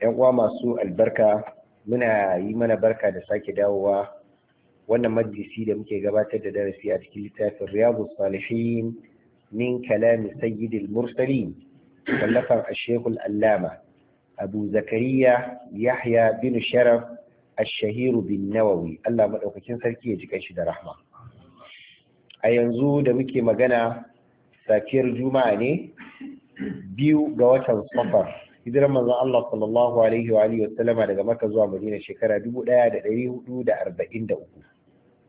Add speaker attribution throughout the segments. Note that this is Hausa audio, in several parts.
Speaker 1: 'yan uwa masu albarka muna yi mana barka da sake dawowa wannan majlisi da muke gabatar da darasi a cikin littafin riyadu salihin min kalami sayyidil mursalin wallafan ashekul allama abu zakariya yahya bin sharaf ashahiru bin nawawi allah maɗaukakin sarki ya ji shi da rahma a yanzu da muke magana safiyar juma'a ne biyu ga watan safar hijirar manzon Allah sallallahu alaihi wa alihi wasallama daga Makka zuwa Madina shekara 1443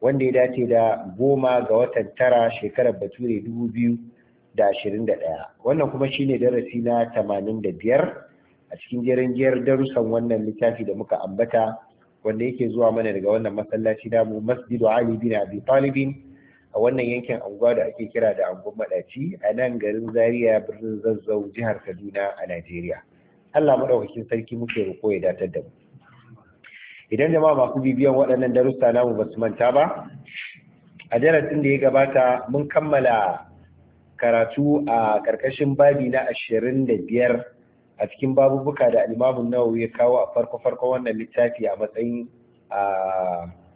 Speaker 1: wanda ya dace da goma ga watan tara shekarar Bature 2021 wannan kuma shine darasi na 85 a cikin jerin jiyar darussan wannan littafi da muka ambata wanda yake zuwa mana daga wannan masallaci namu Masjidu Ali bin Abi Talibin a wannan yankin anguwa da ake kira da angon madaci a nan garin Zaria birnin Zazzau jihar Kaduna a Najeriya. Allah madaukakin sarki muke roƙo ya datar da mu idan jama'a masu bibiyan waɗannan darussa namu ba su manta ba a darasin da ya gabata mun kammala karatu a ƙarƙashin babi na ashirin da biyar a cikin babubuka da alimamun nawawi ya kawo a farko-farko wannan littafi a matsayin a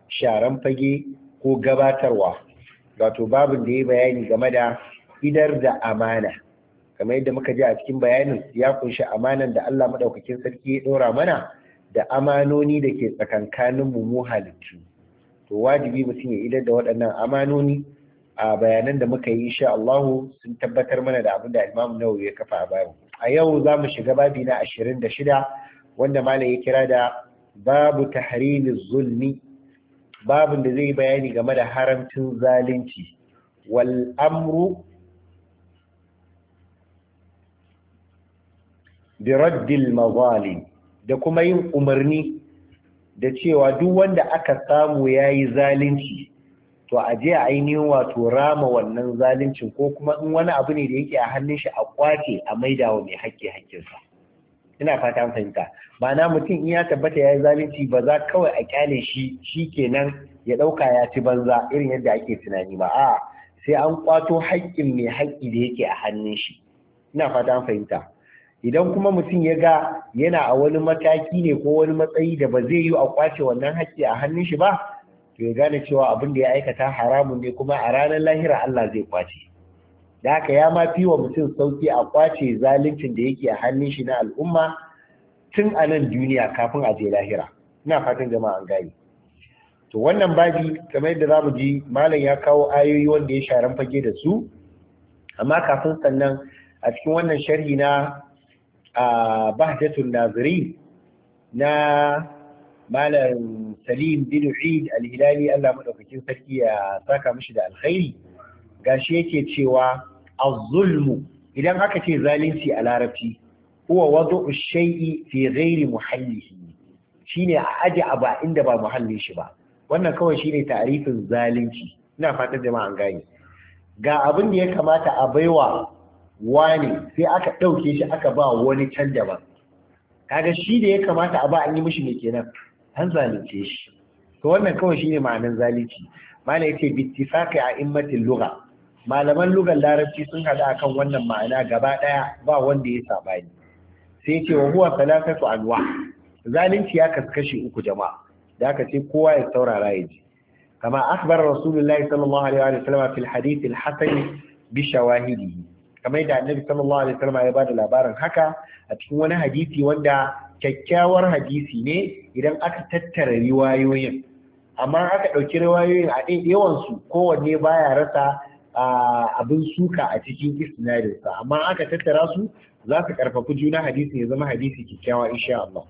Speaker 1: sharan fage ko gabatarwa wato babin da ya bayani game da idar da amana kamar yadda muka ji a cikin bayanin ya kunshi amanan da Allah madaukakin sarki ya dora mana da amanoni da ke tsakankanin mu mu halittu to wajibi mutum ya idar da waɗannan amanoni a bayanan da muka yi insha Allah sun tabbatar mana da abin da Imam Nawawi ya kafa a bayan a yau za mu shiga babi na 26 wanda malam ya kira da babu tahrimiz zulmi babin da zai bayani game da haramcin zalunci wal amru bi raddil mazalim da kuma yin umarni da cewa duk wanda aka samu yayi zalunci to a je a ainihin wato rama wannan zaluncin ko kuma in wani abu ne da yake a hannun shi a kwace a maida wa mai hakki hakkinsa ina fata an fahimta na mutum in ya tabbata yayi zalunci ba za kawai a kyale shi shikenan ya ɗauka ya ci banza irin yadda ake tunani ba a sai an kwato haƙƙin mai haƙƙi da yake a hannun shi ina fata fahimta idan kuma mutum ya ga yana a wani mataki ne ko wani matsayi da ba zai yi a kwace wannan haƙƙi a hannun shi ba to ya gane cewa abin da ya aikata haramun ne kuma a ranar lahira Allah zai kwace da haka ya ma fi wa mutum sauki a kwace zaluncin da yake a hannun shi na al'umma tun a nan duniya kafin a je lahira ina fatan jama'a an gane to wannan babi kamar yadda zamu ji malam ya kawo ayoyi wanda ya sharan fage da su amma kafin sannan a cikin wannan sharhi na a bahdatun nazirin na malam salim bin eid al-hilali allah maɗaukakin sarki ya saka mishi da alkhairi gashi yake cewa az-zulmu idan aka ce zalunci a larabci huwa wadu shay'i fi ghairi muhallihi shine a aje abu inda ba muhallin shi ba wannan kawai shine ta'arifin zalunci ina fatan jama'a an gane ga abin da ya kamata a baiwa wane sai aka ɗauke shi aka ba wani can daban kaga shi da ya kamata a ba an yi mishi ne kenan an zalunce shi to wannan kawai shine ma'anar zalunci mala yace bittifaqi a immatin lugha malaman lugar larabci sun hada akan wannan ma'ana gaba daya ba wanda ya sabani sai yace wa huwa salasatu anwa zalunci ya kaskashi uku jama'a da aka ce kowa ya saurara ya ji kama akhbar rasulullahi sallallahu alaihi wa sallam fil hadith al hasan bi shawahidihi kamar da annabi sallallahu alaihi wasallam ya bada labarin haka a cikin wani hadisi wanda kyakkyawar hadisi ne idan aka tattara riwayoyin amma aka ɗauki riwayoyin a ɗin su kowanne baya rasa abin suka a cikin isnadinsa amma aka tattara su za su karfafi juna hadisi ya zama hadisi kyakkyawa insha Allah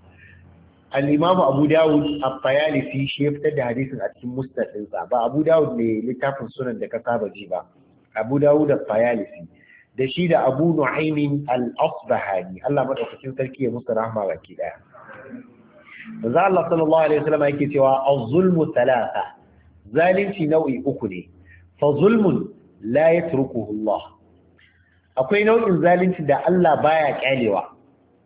Speaker 1: al-imam Abu Dawud at-Tayalisi shi ya fitar da hadisin a cikin musnad ba Abu Dawud ne littafin sunan da ka saba ji ba Abu Dawud at da shi da abu nu'aimin al-asbahani Allah maɗaukacin sarki ya musu rahma baki ɗaya za Allah sallallahu alaihi wasallam yake cewa az-zulmu thalatha zalunci nau'i uku ne fa zulmun la yatrukuhu Allah akwai nau'in zalunci da Allah baya kyalewa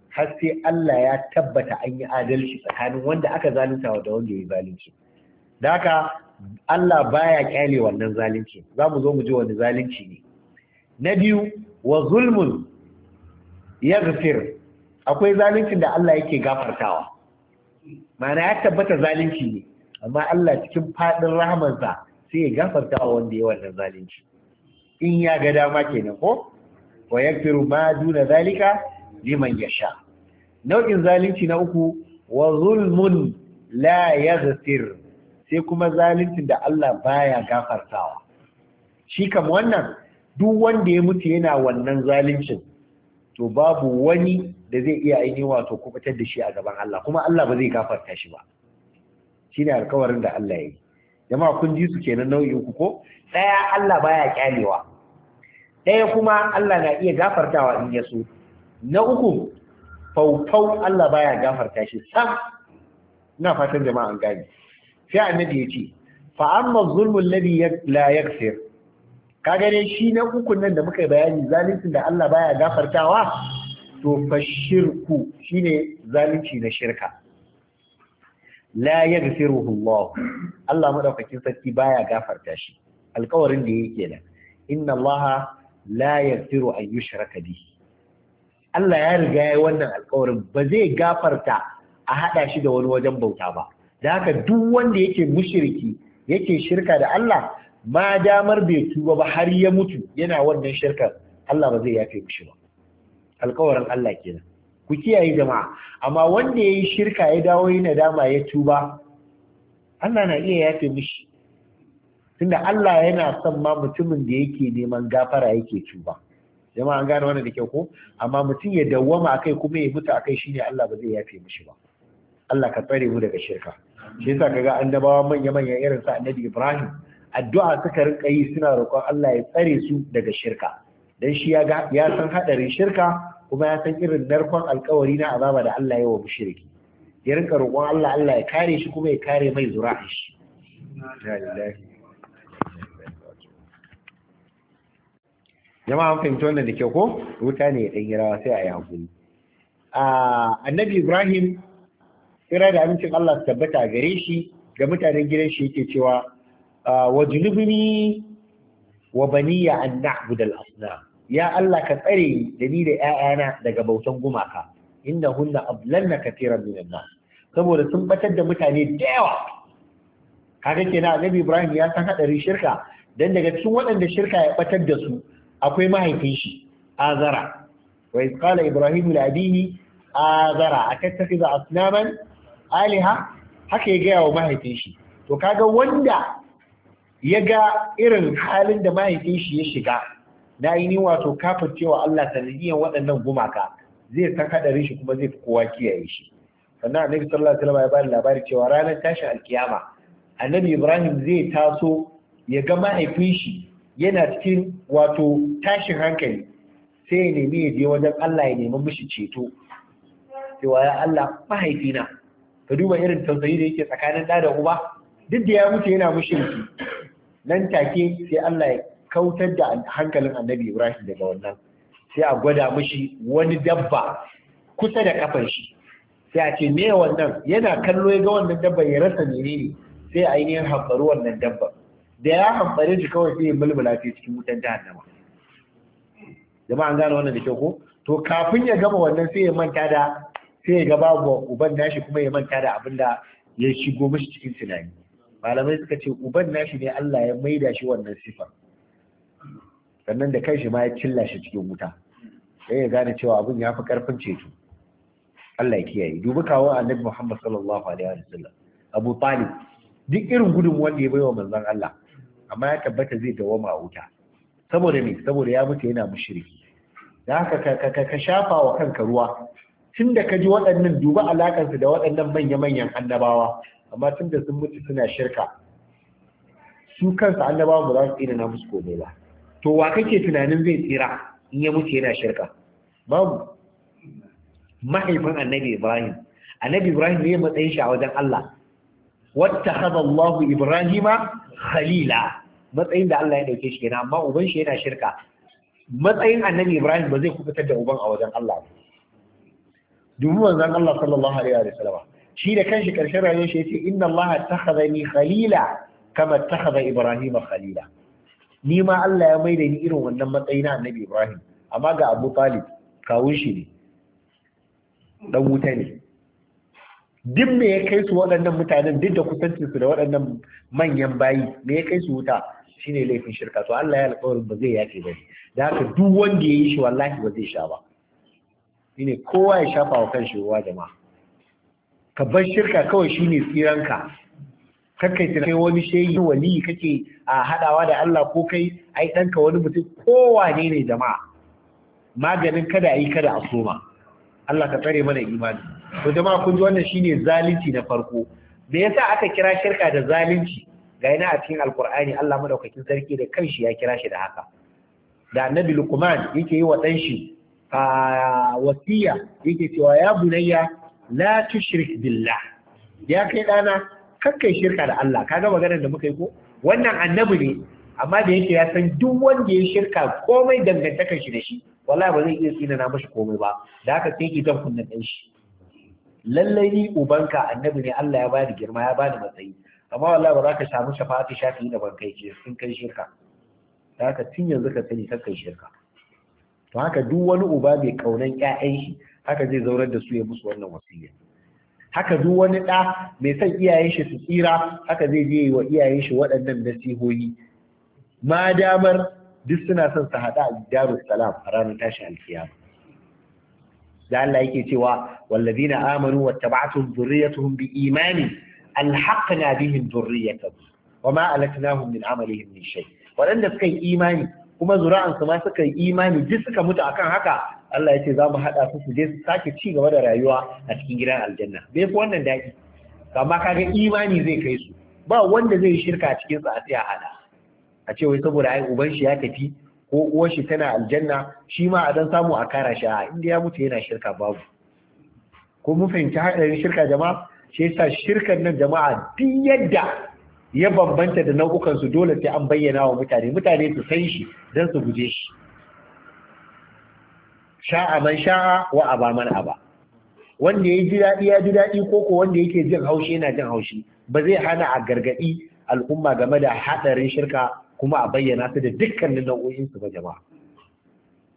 Speaker 1: har sai Allah ya tabbata an yi adalci tsakanin wanda aka zalunta da wanda ya zalunci da haka Allah baya kyale wannan zalunci za mu zo mu ji wani zalunci ne na biyu wa zulmun yaghfir akwai zaluncin da Allah yake gafartawa Mana ya tabbata zalunci ne amma Allah cikin fadin rahamarsa sai ya gafartawa wanda ya wannan zalunci in ya ga dama kenan ko wa yaghfiru ma duna zalika liman yasha nau'in zalunci na uku wa zulmun la yaghfir sai kuma zaluncin da Allah baya gafartawa shi kam wannan duk wanda ya mutu yana wannan zalincin to babu wani da zai iya aini wato kubutar da shi a gaban Allah kuma Allah ba zai gafarta shi ba shine alkawarin da Allah ya yi jama'a kun ji su kenan nau'in ku ko daya Allah baya kyalewa daya kuma Allah na iya gafartawa in ya so na uku faufau Allah baya gafarta shi sam ina fatan jama'a an gane sai annabi ya ce fa amma zulmul ladhi la yaghfir ka gane shi na uku nan da muka bayani zalincin da Allah baya gafartawa to fa shirku shine zalunci na shirka la yaghfiruhu Allah Allah madaukakin sarki baya gafarta shi alƙawarin da yake nan inna Allah la yaghfiru an yushraka bi Allah ya riga ya wannan alƙawarin ba zai gafarta a hada shi da wani wajen bauta ba da haka duk wanda yake mushriki yake shirka da Allah ma damar bai tuba ba har ya mutu yana wannan shirkar Allah ba zai yafe mishi ba alƙawarin Allah kenan ku kiyaye jama'a amma wanda yayi shirka ya dawo yana dama ya tuba Allah na iya yafe mishi tunda Allah yana son ma mutumin da yake neman gafara yake tuba jama'a an gane wannan da kyau ko amma mutum ya dawwama akai kuma ya mutu akai shine Allah ba zai yafe mishi ba Allah ka tsare mu daga shirka shi yasa kaga annabawa manya manya irin sa Annabi Ibrahim addu'a suka rinka yi suna roƙon Allah ya tsare su daga shirka dan shi ya ga ya san hadarin shirka kuma ya san irin narkon alkawari na azaba da Allah ya wa mushriki ya rinka roƙon Allah Allah ya kare shi kuma ya kare mai zura'in shi jama'a an fahimci wannan da kyau ko wuta ne ya ɗan yi rawa sai a yi hakuri annabi ibrahim tsira da amincin Allah su tabbata gare shi ga mutanen gidan shi yake cewa wajlubni wa baniya an na'bud al asnam ya Allah ka tsare da ni da 'ya'yana daga bautan gumaka inna hunna ablanna katira minan nas saboda sun batar da mutane da yawa kaga kenan annabi Ibrahim ya san hadarin shirka dan daga cikin waɗanda shirka ya batar da su akwai mahaifin shi azara wa iz qala ibrahim li abihi azara atattakhidha asnaman Aliha, haka ya gaya wa mahaifin shi to kaga wanda ya ga irin halin da mahaifin shi ya shiga na yi ni wato kafin cewa Allah sanadiyan waɗannan gumaka zai san haɗarin shi kuma zai fi kowa kiyaye shi sannan annabi sallallahu alaihi wasallam ya bada labari cewa ranar tashin alkiyama annabi Ibrahim zai taso ya ga mahaifin shi yana cikin wato tashin hankali sai ya nemi ya je wajen Allah ya nemi mishi ceto cewa ya Allah mahaifina ka duba irin tausayi da yake tsakanin ɗa da uba duk da ya mutu yana mushriki nan take sai Allah ya kautar da hankalin annabi Ibrahim daga wannan sai a gwada mishi wani dabba kusa da kafan shi sai a ce me wannan yana kallo ya ga wannan dabba ya rasa menene sai ainihin hambaru wannan dabba da ya hambare shi kawai sai ya mulmula ta cikin wutan annaba jama'a an gane wannan da kyau ko to kafin ya gama wannan sai ya manta da sai ya gaba uban nashi kuma ya manta da abin da ya shigo mishi cikin tunani malamai suka ce uban nashi ne Allah ya maida shi wannan sifar sannan da kanshi ma ya cilla shi cikin wuta sai ya gane cewa abin ya fi karfin ceto Allah ya kiyaye dubi kawo annabi Muhammad sallallahu alaihi wasallam Abu Talib duk irin gudun wanda ya baiwa manzon Allah amma ya tabbata zai dawama a wuta saboda me saboda ya mutu yana mushriki da haka ka ka shafa wa kanka ruwa tun da ka ji waɗannan duba alaƙarsu da waɗannan manya-manyan annabawa amma tun da sun mutu suna shirka su kansu annabawa ba za su tsina na musu komai ba to wa kake tunanin zai tsira in ya mutu yana shirka babu mahaifin annabi ibrahim annabi ibrahim ne matsayin shi a wajen allah wattakhadha Allahu ibrahima khalila matsayin da allah ya dauke shi kenan amma uban shi yana shirka matsayin annabi ibrahim ba zai kubutar da uban a wajen allah ba dubu manzan allah sallallahu alaihi wa sallama shi da kanshi karshen rayuwar shi yace inna Allah takhadhani khalila kama takhadha Ibrahim khalila ni ma Allah ya maida ni irin wannan matsayi na Annabi Ibrahim amma ga Abu Talib kawun shi ne dan wuta ne duk me ya kai su waɗannan mutanen duk da kusancin su da waɗannan manyan bayi me ya kai su wuta shine laifin shirka to Allah ya alƙawari ba zai yace ba da haka duk wanda ya yi shi wallahi ba zai sha ba shine kowa ya shafa wa kanshi ruwa jama'a ka shirka kawai shine tsiranka kakai tunanin kai wani shehi wali kake a haɗawa da Allah ko kai ai ɗanka wani mutum kowane ne jama'a maganin kada a yi kada a soma Allah ka tsare mana imani to jama'a kun ji wannan shine zalunci na farko me yasa aka kira shirka da zalunci ga yana a cikin alkur'ani Allah madaukakin sarki da kanshi ya kira shi da haka da annabi Luqman yake yi wa dan shi wasiya yake cewa ya bunayya la tushrik billah ya kai dana kakkai shirka da Allah kaga maganar da muka yi ko wannan annabi ne amma da yake ya san duk wanda ya shirka komai dangantakar shi da shi wallahi ba zai iya tsina na mashi komai ba da haka sai ki dan kunnan dan shi lallai ni ubanka annabi ne Allah ya bada girma ya bada matsayi amma wallahi ba za ka samu shafa'atu shafi da ban kai sun kai shirka da haka tun yanzu ka sani kakkai shirka to haka duk wani uba mai kaunan ƴaƴan shi haka zai zaurar da su ya musu wannan wasiya haka duk wani ɗa mai son iyayen shi su tsira haka zai je wa iyayen shi waɗannan nasihohi ma damar duk suna son su haɗa a darus salam a ranar tashi alkiyama da Allah yake cewa wallazina amanu wattaba'atuhum dhurriyyatuhum bi imani alhaqna bihim dhurriyyatahum wama na min amalihim min shay waɗanda suka yi imani kuma zura'ansu ma suka yi imani duk suka mutu akan haka Allah ya ce za mu haɗa su su je su sake ci gaba da rayuwa a cikin gidan aljanna bai fi wannan daɗi amma kaga imani zai kai su ba wanda zai shirka a cikin sa a tsaya hada a ce wai saboda ai uban shi ya tafi ko uwar shi tana aljanna shi ma a dan samu a kara shi a inda ya mutu yana shirka babu ko mun fahimci haɗarin shirka jama'a shi yasa shirkan nan jama'a duk yadda ya bambanta da nau'ukan su dole sai an bayyana wa mutane mutane su san shi dan su guje shi sha'a man sha'a wa ba man aba wanda ya ji daɗi ya ji daɗi ko ko wanda yake jin haushi yana jin haushi ba zai hana a gargaɗi al'umma game da haɗarin shirka kuma a bayyana su da dukkanin nau'o'in su ba jama'a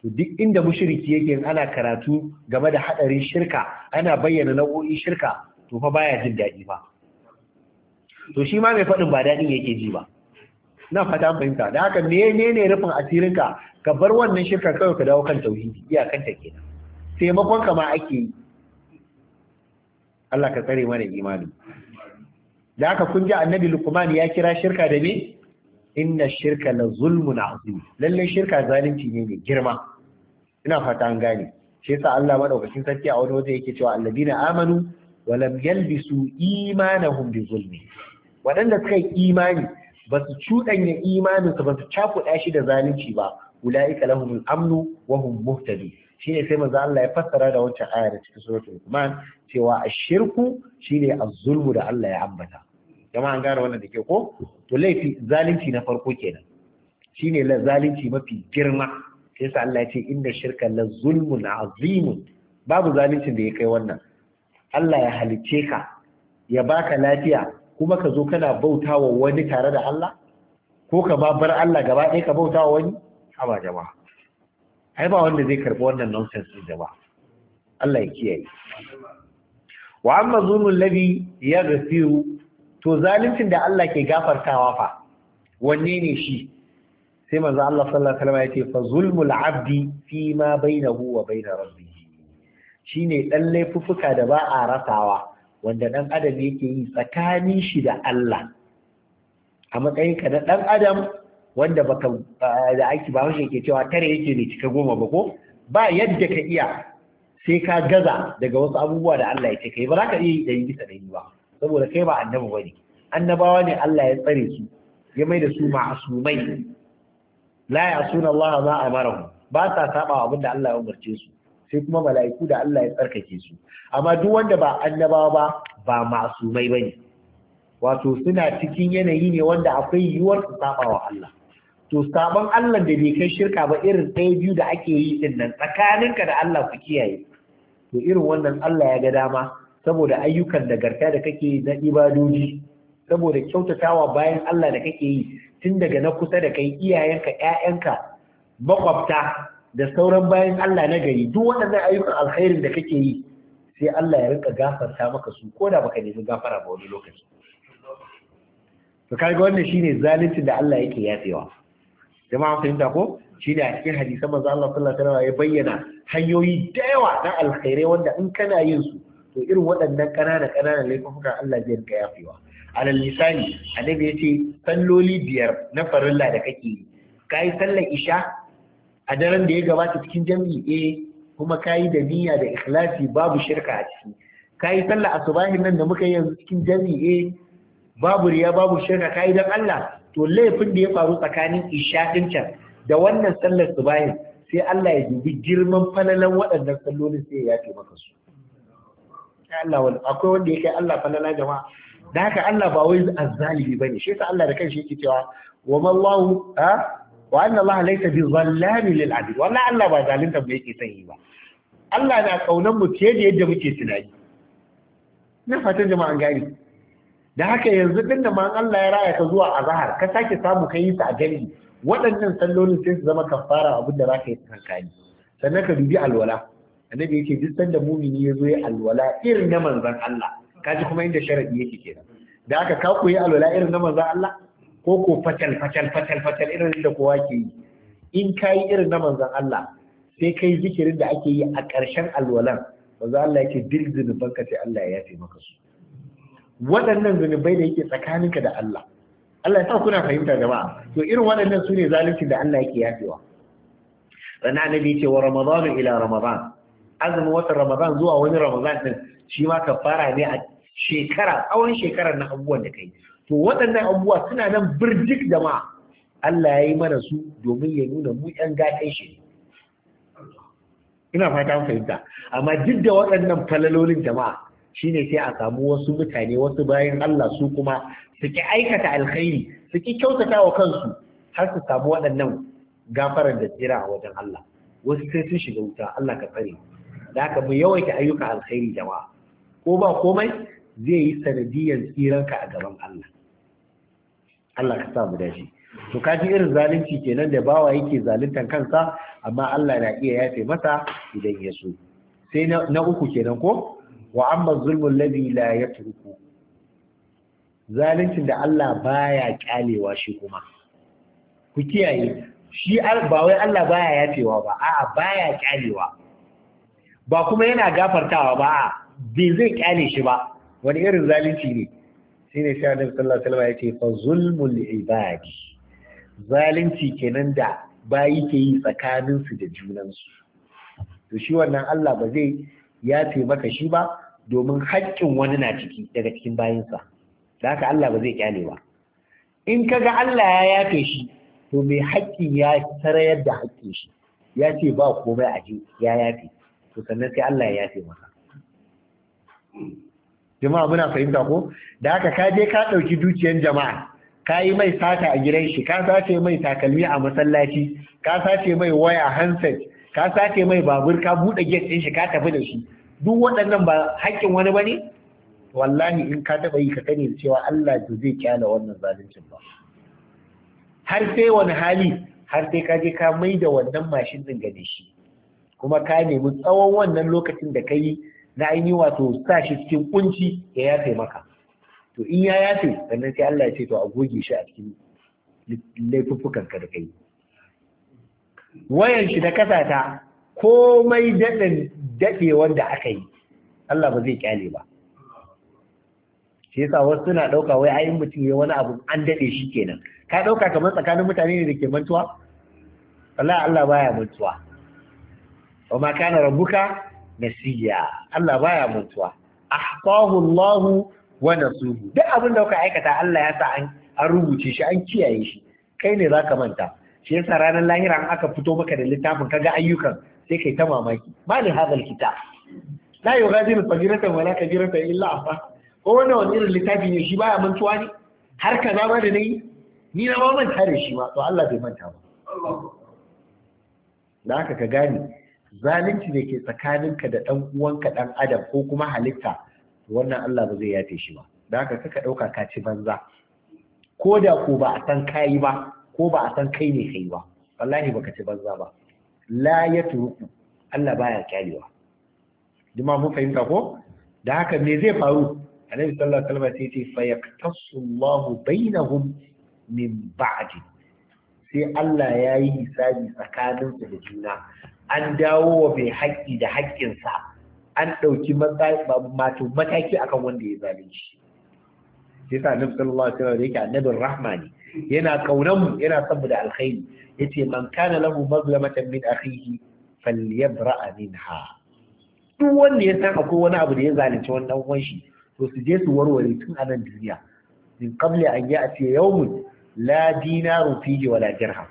Speaker 1: to duk inda mushriki yake ana karatu game da haɗarin shirka ana bayyana nau'o'in shirka to fa baya jin daɗi ba to shi ma mai faɗin ba daɗin yake ji ba na fata fahimta da haka menene rufin asirinka ka bar wannan shirka kawai ka dawo kan tauhidi iyakanta kenan taimakon ka ma ake yi Allah ka tsare mana imani da aka kun ji annabi lukman ya kira shirka da me inna shirka la zulmun azim lalle shirka zalunci ne mai girma ina fata an gane shi yasa Allah madaukakin sarki a wani wata yake cewa alladina amanu wa lam yalbisu imanahum bi zulmi wadanda suka yi imani ba su cuɗanya imaninsu ba su cakuɗa shi da zalunci ba ulaika lahumul amnu wa hum shine sai manzo Allah ya fassara da wancan aya da cikin suratul Luqman cewa ashirku shine az-zulmu da Allah ya ambata jama'a an gane wannan da ke ko to laifi zalunci na farko kenan shine la zalunci mafi girma sai yasa Allah ya ce inna shirka la zulmun azim babu zaluncin da ya kai wannan Allah ya halice ka ya baka lafiya kuma ka zo kana bautawa wani tare da Allah ko ka ba bar Allah gaba ɗaya ka bautawa wani haba jama'a ai ba wanda zai karbi wannan nonsense din jama'a Allah ya kiyaye wa amma zulmul ladhi yaghfiru to zaluncin da Allah ke gafartawa fa wanne ne shi sai manzo Allah sallallahu alaihi wasallam ya ce fa zulmul abdi fi ma bainahu wa bain rabbih shine dan laifuffuka da ba a rasawa wanda dan adam yake yi tsakanin shi da Allah a matsayin ka na dan adam wanda baka ah, da aiki ba haushe ke cewa tare yake ne cika goma ba ko ba yadda ka iya sai ka gaza daga wasu abubuwa da Allah ya ce kai ba za ka iya da yi bisa da yi ba saboda kai ba annabi bane annabawa ne Allah ya tsare su ya mai da su ma'asumai la ya'suna Allah ma amarahu ba ta saba abin da Allah ya umarce su sai kuma mala'iku da Allah ya tsarkake su amma duk wanda ba annabawa ba ba masumai bane wato suna cikin yanayi ne wanda akwai yiwuwar su saba wa Allah to sabon Allah da bai kai shirka ba irin ɗaya biyu da ake yi din nan tsakaninka da Allah ku kiyaye to irin wannan Allah ya ga dama saboda ayyukan da garta da kake na ibadoji saboda kyautatawa bayan Allah da kake yi tun daga na kusa da kai iyayenka ƴaƴanka makwabta da sauran bayan Allah na gari duk waɗannan ayyukan alkhairin da kake yi sai Allah ya rinka gafarta maka su ko da baka nemi gafara ba wani lokaci to kaga wannan shine zalunci da Allah yake yafewa jama'a fahimta ko shi ne a cikin hadisa manzo Allah sallallahu alaihi ya bayyana hanyoyi da yawa na alkhairai wanda in kana yin su to irin waɗannan ƙanana ƙananan laifukan Allah zai rika yafewa alal misali annabi ya ce salloli biyar na farilla da kake yi kayi sallar isha a daren da ya gabata cikin jami'i eh kuma kayi da niyya da ikhlasi babu shirka a ciki kayi sallar asubahin nan da muka yi yanzu cikin jami'i eh, babu riya babu shirka kayi dan Allah to laifin da ya faru tsakanin isha can da wannan sallar subahin sai Allah ya dubi girman falalan waɗannan sallolin sai ya yafe maka su Allah akwai wanda ya kai Allah falala jama'a da haka Allah ba wai azzalimi ne, shi yasa Allah da kanshi yake cewa wa mallahu ha wa anna Allah laysa bi zallami lil abid wallahi Allah ba zalunta ba yake sanyi ba Allah na kaunar mu fiye da yadda muke tunani na fatan jama'an gani da haka yanzu din da man Allah ya raya ka zuwa azhar ka sake samu ka yi ta a gani waɗannan sallolin sai su zama kafara abin da zaka yi tsankani. sannan ka dubi alwala annabi yake duk sanda mumini ya zo ya alwala irin na manzon Allah kaji kuma inda sharadi yake kenan da haka ka koyi alwala irin na manzon Allah ko ko fatal fatal fatal fatal irin da kowa ke yi in kayi irin na manzon Allah sai kai zikirin da ake yi a ƙarshen alwalan manzon Allah yake dilzinin banka sai Allah ya yafe maka su waɗannan zunubai da yake tsakaninka da Allah Allah ya sa kuna fahimta jama'a to irin waɗannan su ne zalunci da Allah yake yafewa sannan annabi ce wa ramadan ila ramadan azumin watan ramadan zuwa wani ramadan din shi ma kafara ne a shekara tsawon shekarar na abubuwan da kai to waɗannan abubuwa suna nan birjik jama'a Allah ya yi mana su domin ya nuna mu ƴan gaɗan shi ina fata fahimta amma duk da waɗannan falalolin jama'a shine sai a samu wasu mutane wasu bayan Allah su kuma suke aikata alkhairi suke kyautata wa kansu har su samu waɗannan gafarar da tsira a wajen Allah wasu sai sun shiga wuta Allah ka tsare da haka mu yawaita ayyuka alkhairi jama'a ko ba komai zai yi sanadiyan tsiranka a gaban Allah Allah ka sa mu dace to ji irin zalunci kenan da bawa yake zaluntan kansa amma Allah na iya yafe masa idan ya so sai na uku kenan ko Muhammad amma zulmul ladhi la yatruku zalincin da Allah baya kyalewa shi kuma ku kiyaye shi ba wai Allah baya yafewa ba a'a baya kyalewa ba kuma yana gafartawa ba a. bai zai kyale shi ba wani irin zalunci ne shine sai Annabi sallallahu alaihi wasallam ce fa zulmul ibadi zalunci kenan da bayi ke yi tsakaninsu da junansu to shi wannan Allah ba zai ya fi maka shi ba domin haƙƙin wani na ciki daga cikin bayansa da haka Allah ba zai kyale ba in ka ga Allah ya yafe shi to mai haƙƙin ya sarayar da haƙƙin shi ya ce ba komai a ji ya yafe to sannan sai Allah ya yafe maka jama'a muna fahimta ko da haka ka je ka ɗauki dukiyar jama'a ka yi mai sata a gidan shi ka sace mai takalmi a masallaci ka sace mai waya handset ka sace mai babur ka buɗe gate ɗin shi ka tafi da shi duk waɗannan ba haƙƙin wani bane wallahi in ka taɓa yi ka sani da cewa Allah ba zai kyala wannan zaluncin ba har sai wani hali har sai ka je ka mai da wannan mashin ɗin gane shi kuma ka nemi tsawon wannan lokacin da ka yi na yi wato sa shi cikin kunci ya yafe maka to in ya yafe sannan sai Allah ya ce to a goge shi a cikin laifuffukan ka da kai wayan shi da kasata komai dadin dade wanda aka yi Allah ba zai kyale ba shi yasa wasu suna ɗauka wai ayin mutum ya wani abu an daɗe shi kenan ka ɗauka kamar tsakanin mutane ne da ke mantuwa wallahi Allah baya mantuwa wa ma kana rabbuka nasiya Allah baya mantuwa ahqahu Allah wa nasuhu duk abin da kuka aikata Allah ya sa an rubuce shi an kiyaye shi kai ne zaka manta shi yasa ranar lahira an aka fito maka da littafin kaga ayyukan sai kai ta mamaki malin hadal kitab la yughadiru saghiratan wala kabiratan illa afa ko wannan wani irin littafi ne shi baya mantuwa ne har kaza ba da nayi ni na ma manta da shi ma to Allah bai manta ba da haka ka gane zalunci da ke tsakaninka da ɗan uwanka ɗan adam ko kuma halitta wannan Allah ba zai yafe shi ba da haka kaka ɗauka ka ci banza ko da ko ba a san kayi ba ko ba a san kai ne kai ba wallahi baka ci banza ba la ya turuku Allah baya kyalewa jima mun fahimta ko da haka me zai faru annabi sallallahu alaihi wasallam sai ce fa yaktasu Allah bainahum min ba'd sai Allah ya yi hisabi tsakanin su da juna an dawo wa mai haƙƙi da haƙƙinsa an ɗauki mataki akan wanda ya zalunci sai sa annabi sallallahu alaihi wasallam yake annabin rahma yana kaunan mu yana son mu da alkhairi yace man kana lahu mazlamatan min akhihi falyabra minha duk wanda ya san akwai wani abu da ya zalunci wani dan uwan shi to su je su warware tun a nan duniya min qabli an ya'ti yawmun la dinaru fihi wala dirham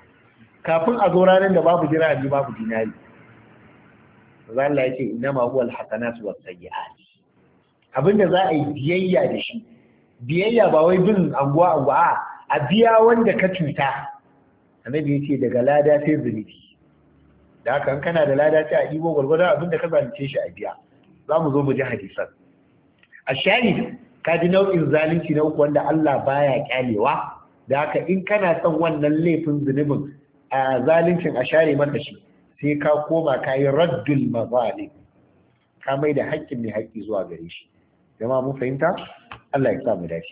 Speaker 1: kafin a zo ranar da babu dirhami babu dinari manzo Allah inna ma huwa alhasanatu wasayyi'at abinda za a yi biyayya da shi biyayya ba wai bin anguwa anguwa a biya wanda ka cuta annabi yace daga lada sai zunubi da haka in kana da lada sai a ɗibo gwargwado abinda ka zalunce shi a biya za mu zo mu ji hadisan a shari ka ji nau'in zalunci na uku wanda Allah baya kyalewa da haka in kana son wannan laifin zunubin a zaluncin a share maka shi sai ka koma ka yi raddul mazalim ka mai da haƙƙin mai haƙƙi zuwa gare shi jama'a mun fahimta Allah ya sa mu dace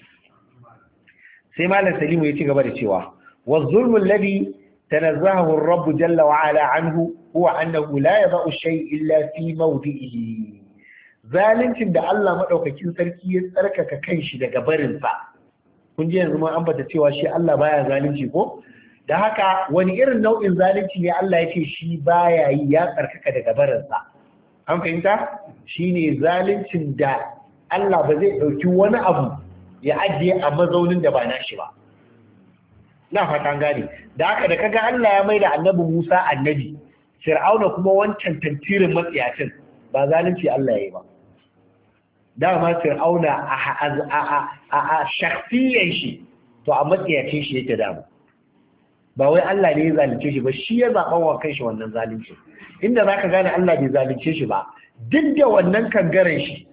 Speaker 1: sai malam salimu ya ci gaba da cewa wa zulmul ladhi tanazzahu ar-rabb jalla wa ala anhu huwa annahu la yada'u shay illa fi mawdi'ihi zalincin da Allah madaukakin sarki ya tsarkaka kanshi daga barin sa kun ji yanzu mun ambata cewa shi Allah baya zalunci ko da haka wani irin nau'in zalunci ne Allah ya ce shi baya yi ya tsarkaka daga barin sa an fahimta shine zaluncin da Allah ba zai dauki wani abu ya ajiye a mazaunin da ba nashi ba na fatan gane da haka da kaga Allah ya mai da annabi Musa annabi Fir'auna kuma wancan tantirin matsiyacin ba zalunci Allah ya yi ba dama Fir'auna a a shi to a matsiyacin shi yake damu ba wai Allah ne ya zalunce shi ba shi ya zaɓa wa kai shi wannan zalunci inda za ka gane Allah bai zalunce shi ba duk da wannan kangaren shi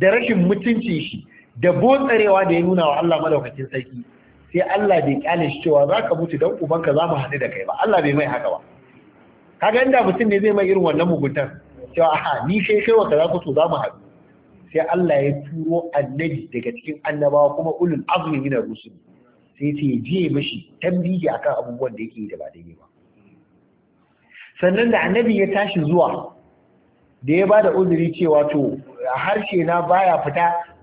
Speaker 1: da rashin mutuncin shi da botsarewa da ya nuna wa Allah madaukakin sarki sai Allah bai kyale shi cewa za ka mutu dan ubanka za mu haɗu da kai ba Allah bai mai haka ba kaga inda mutum ne zai mai irin wannan muguntar cewa aha ni sai kai wa kaza ku za mu haɗu sai Allah ya turo annabi daga cikin annabawa kuma ulul azmi min ar-rusul sai ce je mishi tambiyi akan abubuwan da yake yi da ba daidai ba sannan da annabi ya tashi zuwa da ya ba da uzuri cewa to harshe na baya fita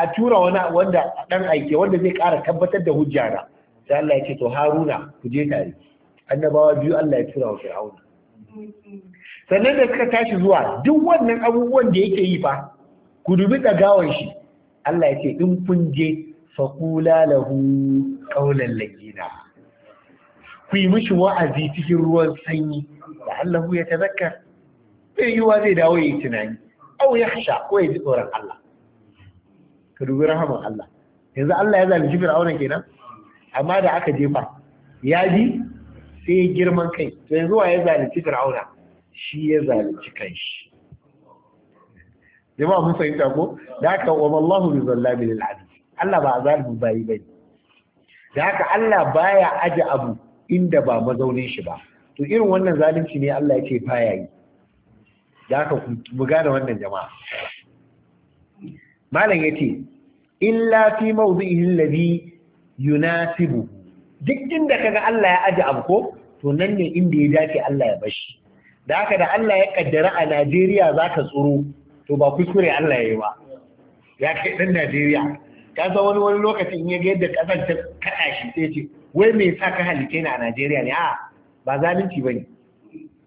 Speaker 1: a tura wani wanda dan aike wanda zai ƙara tabbatar da hujja na sai Allah ya ce to Haruna ku je tare annabawa biyu Allah ya tura wa Fir'auna sannan da suka tashi zuwa duk wannan abubuwan da yake yi fa ku dubi tsagawan shi Allah ya ce in kun je faƙula lahu ƙaunar lagina ku yi mishi wa'azi cikin ruwan sanyi da Allah ya tazakkar zai yiwa zai dawo ya yi tunani au ya hasha ko ya ji tsoron Allah ka dubi rahaman Allah yanzu Allah ya zalunci fir'auna kenan amma da aka jefa ya ji sai girman kai to yanzu wa ya zalunci fir'auna shi ya zalunci kanshi jama'a mun fahimta ko da aka wa wallahu bi zallabi lil Allah ba zalimin bayi bane da ka Allah baya aje abu inda ba mazaunin shi ba to irin wannan zalunci ne Allah ya ce baya yi da haka mu gane wannan jama'a malam yace illa fi mawdhihi alladhi yunasibu duk inda kaga Allah ya aje abu ko to nan ne inda ya dace Allah ya bashi da haka da Allah ya kaddara a Najeriya zaka tsoro to ba kuskure Allah ya yi ba ya kai dan Najeriya ka san wani wani lokaci in ya ga yadda kasar ta kada shi sai ce wai me yasa ka halice ni a Najeriya ne a ba zalunci bane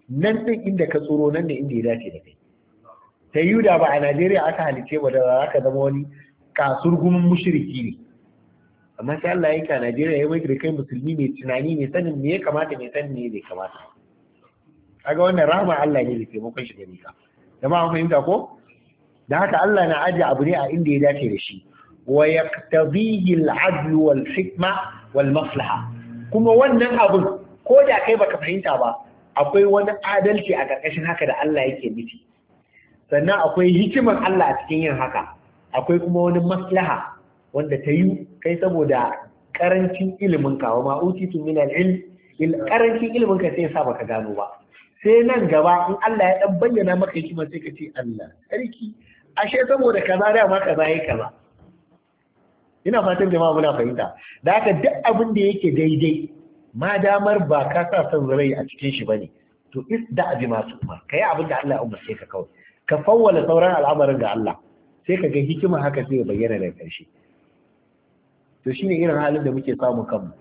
Speaker 1: nan din inda ka tsoro nan ne inda ya dace da kai ta yi da ba a najeriya aka halice ba da za ka zama wani kasur gumin mushriki ne amma sai Allah ya ka najeriya ya mai kai musulmi mai tunani mai sanin me ya kamata mai sanin ne bai kamata kaga wannan rahama Allah ne da taimakon shi gare ka jama'a mun fahimta ko da haka Allah na ajiye abu ne a inda ya dace da shi wa yaqtabihi al-adl wal hikma wal maslaha kuma wannan abun ko da kai baka fahimta ba akwai wani adalci a karkashin haka da Allah yake nufi sannan akwai hikimar Allah a cikin yin haka akwai kuma wani maslaha wanda ta yi kai saboda karancin ilimin ka wa ma'utitu min ilm karancin ilimin ka sai sa baka gano ba sai nan gaba in Allah ya dan bayyana maka hikimar sai ka ce Allah sarki ashe saboda kaza da ma kaza yayi kaza ina fatan jama'a muna fahimta da haka duk abin da yake daidai ma damar ba ka sa son rai a cikin shi bane to is da abi masu ma kai abin da Allah ya umarce ka kawai ka fawwala sauran al'amarin ga Allah sai ka ga hikima haka sai ya bayyana da ƙarshe to shine irin halin da muke samu kanmu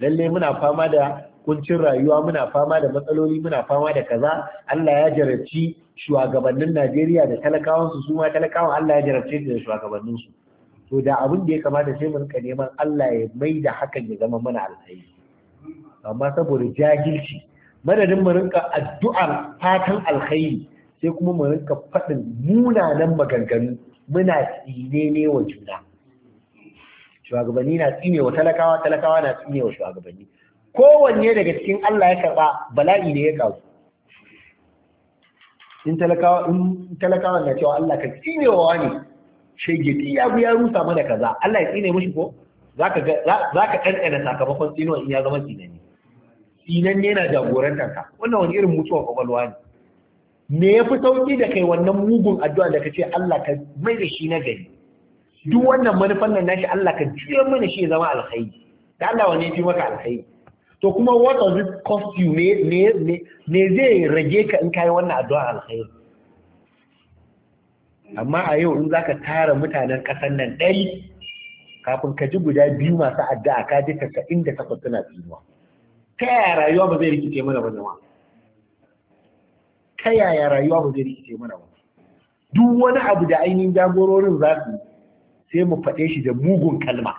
Speaker 1: lalle muna fama da kuncin rayuwa muna fama da matsaloli muna fama da kaza Allah ya jarabci shugabannin Najeriya da talakawan su ma talakawan Allah ya jarabce da shugabannin su to da abin da ya kamata sai mu rinka neman Allah ya mai da hakan ya zama mana alkhairi amma saboda jahilci madadin mu rinka addu'ar fatan alkhairi sai kuma mu rinka faɗin munanan maganganu muna tsine ne wa juna shugabanni na tsine wa talakawa talakawa na tsine wa shugabanni kowanne daga cikin Allah ya karɓa bala'i ne ya kawo in talakawa in talakawa na cewa Allah ka tsine wa wani shege ya ya rusa mana kaza Allah ya tsine mushi ko zaka ga zaka kankana sakamakon tsinewa in ya zama Tsinan tsinanne na jagorantar ka wannan wani irin mutuwa kwakwalwa ne me ya fi sauki da kai wannan mugun addu'a da ka ce Allah ka mai da shi na gari duk wannan manufan nan nashi Allah ka juya mana shi ya zama alkhairi da Allah wani ya fi maka alkhairi to kuma what does it cost you me zai rage ka in kai wannan addu'a alkhairi amma a yau in zaka tara mutanen ƙasar nan ɗari kafin ka ji guda biyu masu addu'a ka ji 98 suna tsinuwa ta yaya rayuwa ba zai rikice mana ba jama'a ta yaya rayuwa ba zai rikice mana ba duk wani abu da ainihin jagororin za su sai mu faɗe shi da mugun kalma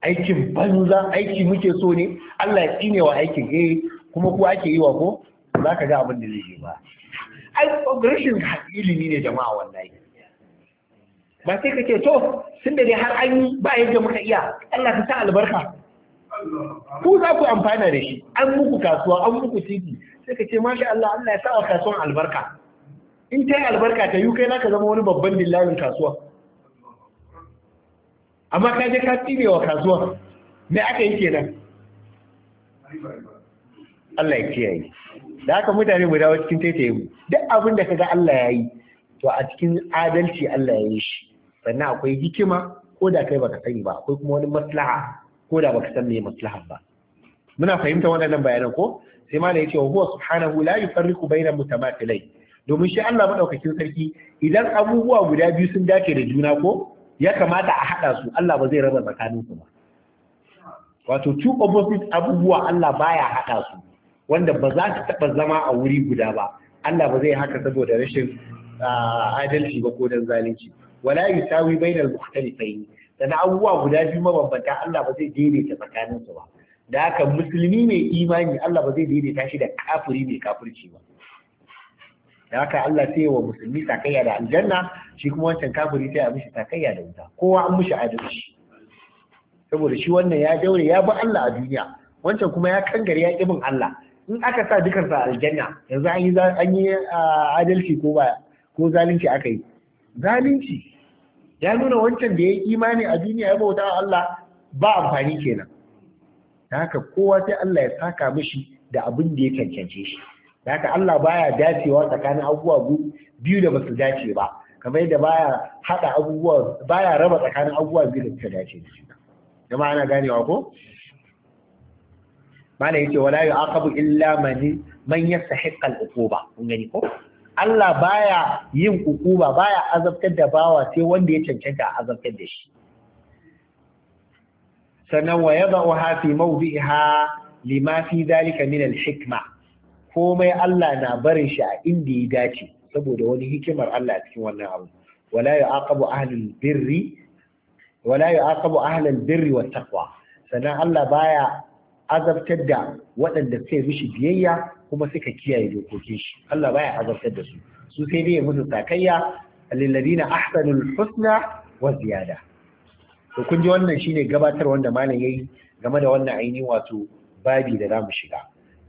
Speaker 1: aikin banza aiki muke so ne Allah ya tsine wa aikin eh kuma ko ake yi wa ko za ka ga abin da zai yi ba ai rashin ilimi ne jama'a wallahi ba sai kake to tunda da dai har an yi ba yadda muka iya Allah ka sa albarka ku za ku amfana da shi an muku kasuwa an muku titi sai ka ce masha Allah Allah ya sa wa kasuwan albarka in ta yi albarka ta yi kai na ka zama wani babban dillalin kasuwa amma ka je ka tsire wa kasuwa me aka yi kenan Allah ya kiyaye da aka mutane mu dawo cikin taitaye mu duk abin da kaga Allah ya yi to a cikin adalci Allah ya yi shi sannan akwai hikima ko da kai baka sani ba akwai kuma wani maslaha ko da baka san me maslaha ba muna fahimta waɗannan bayanan ko sai ma yace wa huwa subhanahu la yufarriqu baina mutamatilai domin shi Allah madaukakin sarki idan abubuwa guda biyu sun dace da juna ko ya kamata a hada su Allah ba zai raba tsakanin su ba wato two opposite abubuwa Allah baya hada su wanda ba za su taba zama a wuri guda ba Allah ba zai haka saboda rashin ah, adalci ba ko dan zalunci wala yusawi bainal mukhtalifain sannan abubuwa guda biyu mabambanta Allah ba zai daidaita tsakaninsu ba da haka musulmi mai imani Allah ba zai daidaita shi da kafiri mai kafirci ba da haka Allah sai wa musulmi takayya da aljanna shi kuma wancan kafiri sai a mishi takayya da wuta kowa an mishi adalci saboda shi wannan ya daure ya bi Allah a duniya wancan kuma ya kangare ya kibin Allah in aka sa dukan sa aljanna yanzu an yi an yi ah, adalci ko ba ko zalunci aka yi zalunci ya nuna wancan da ya yi imani a duniya ya bauta Allah ba amfani kenan da haka kowa sai Allah ya saka mishi da abin da ya cancance shi da haka Allah baya dacewa tsakanin abubuwa biyu da basu dace ba kamar yadda baya hada abubuwa baya raba tsakanin abubuwa biyu da suka dace da shi jama'a ana ganewa ko mala yake wala yu'aqabu illa man man yastahiqqa al-uquba kun gani ko Allah baya yin ukuba baya azabtar da bawa sai wanda ya cancanta azabtar da shi sannan wa yada'uha fi mawdi'iha lima fi zalika min al-hikma komai Allah na barin shi a inda ya dace saboda wani hikimar Allah cikin wannan abu wala yu'aqabu ahlul birri wala yu'aqabu ahlul birri wat taqwa sannan Allah baya azabtar da waɗanda sai mishi biyayya kuma suka kiyaye dokokin shi Allah baya azabtar da su su sai dai musu takayya lilladina ahsanul husna wa ziyada to kun ji wannan shine gabatar wanda malam yayi game da wannan ainihin wato babi da zamu shiga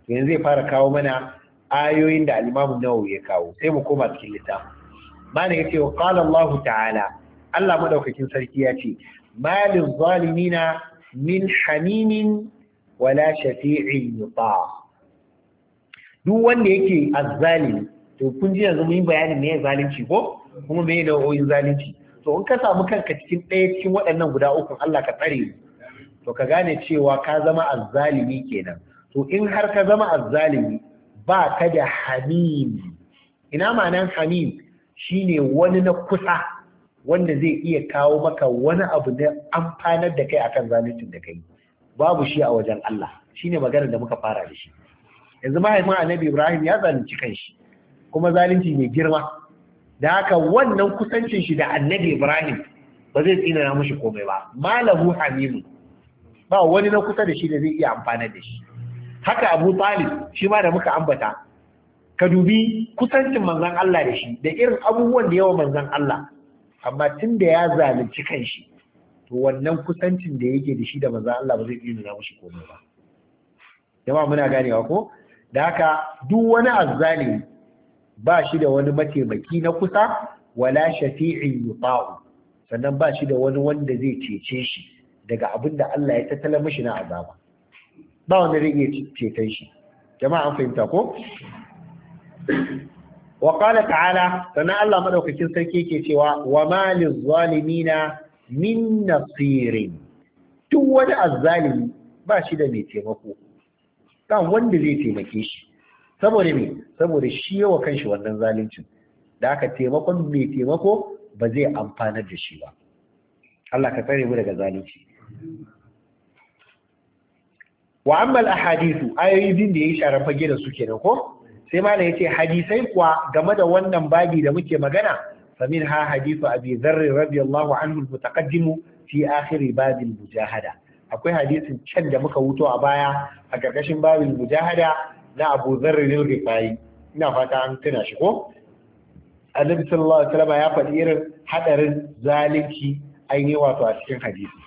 Speaker 1: to yanzu zai fara kawo mana ayoyin da al-Imam Nawawi ya kawo sai mu koma cikin littafin malam yace wa qala Allah ta'ala Allah madaukakin sarki ya ce malin zalimina min hamimin wala shafi'in yuta duk wanda yake azzalimi to kun ji yanzu mun yi bayanin me zalunci ko kuma me oyin zalunci to in ka samu kanka cikin ɗaya cikin waɗannan guda uku Allah ka tsare to ka gane cewa ka zama azzalimi kenan to in har ka zama azzalimi ba ka da hamim ina ma'anan hamim shine wani na kusa wanda zai iya kawo maka wani abu na amfanar da kai akan zaluncin da kai babu shi a wajen Allah shine maganar da muka fara da shi yanzu mahaifin annabi ibrahim ya zalunci kanshi kuma zalunci mai girma da haka wannan kusancin shi da annabi ibrahim ba zai tsina na mushi komai ba malahu hamimu ba wani na kusa da shi da zai iya amfana da shi haka abu talib shi ma da muka ambata ka dubi kusancin manzan Allah da shi da irin abubuwan da yawa manzan Allah amma tun da ya zalunci kanshi to wannan kusancin da yake da shi da manzan Allah ba zai iya nuna mushi komai ba jama'a muna ganewa ko da haka duk wani azzalimi ba shi da wani mataimaki na kusa wala shafi'in yuta'u sannan ba shi da wani wanda zai cece shi daga abin da Allah ya tattala mishi na azaba ba wani rage ceton shi jama'a an fahimta ko wa qala ta'ala sannan Allah madaukakin sarki yake cewa wa ma lizzalimina min nasirin duk wani azzalimi ba shi da mai taimako ba wanda zai taimake shi saboda me saboda shi yawa kanshi wannan zalunci da aka taimakon mai taimako ba zai amfanar da shi ba Allah ka tsare mu daga zalunci wa amma al-ahadithu din da yayi sharar fage da suke sai ko sai ce yace hadisai kuwa game da wannan babi da muke magana famin ha hadithu abi dharr radiyallahu anhu al-mutaqaddimu fi akhir babil mujahada akwai hadisin can da muka wuto a baya a ƙarƙashin babin mujahada na Abu Dharr al-Ghifari ina fata an tuna shi ko Annabi sallallahu alaihi wasallam ya faɗi irin hadarin zalunci ainihin wato a cikin hadisi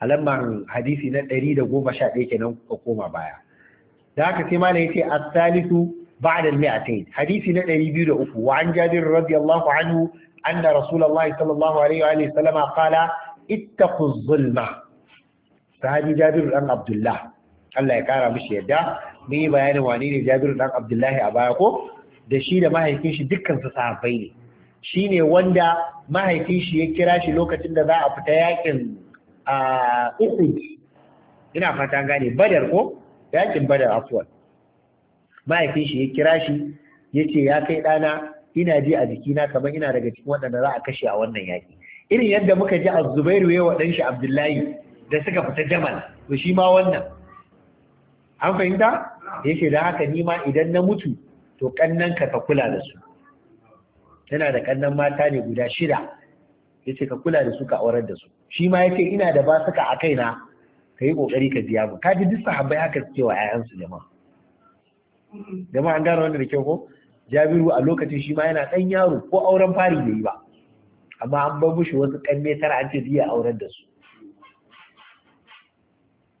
Speaker 1: a lambar hadisi na 111 kenan ka koma baya da haka sai malai yace as-salisu بعد المئتين حديث نبي بيرو وعن جابر رضي الله عنه أن رسول الله صلى الله عليه وآله وسلم ittaqu zulma sahabi Jabiru dan Abdullah Allah ya kara mishi yadda mun yi bayanin wane ne Jabiru dan Abdullahi a baya ko da shi da mahaifin shi dukkan su sahabbai ne shine wanda mahaifin shi ya kira shi lokacin da za a fita yakin a Uhud ina fata gane Badar ko yakin Badar afwan mahaifin shi ya kira shi ya ce ya kai dana ina ji a jikina kamar ina daga cikin waɗanda za a kashe a wannan yaki irin yadda muka ji azubairu zubairu ya waɗan shi abdullahi da suka fita jamal to shi ma wannan an fahimta yake da haka ni ma idan na mutu to kannan ka ka kula da su tana da kannan mata ne guda shida yace ka kula da su ka aurar da su shi ma ce ina da ba suka a kaina ka yi kokari ka biya mu kaji duk sahabbai haka suke wa ƴaƴansu jama'a jama'a an gane wanda da kyau ko Jabiru a lokacin shi ma yana ɗan yaro ko auren fari bai yi ba amma an bar mushi wasu kan tara an ce biya auren da su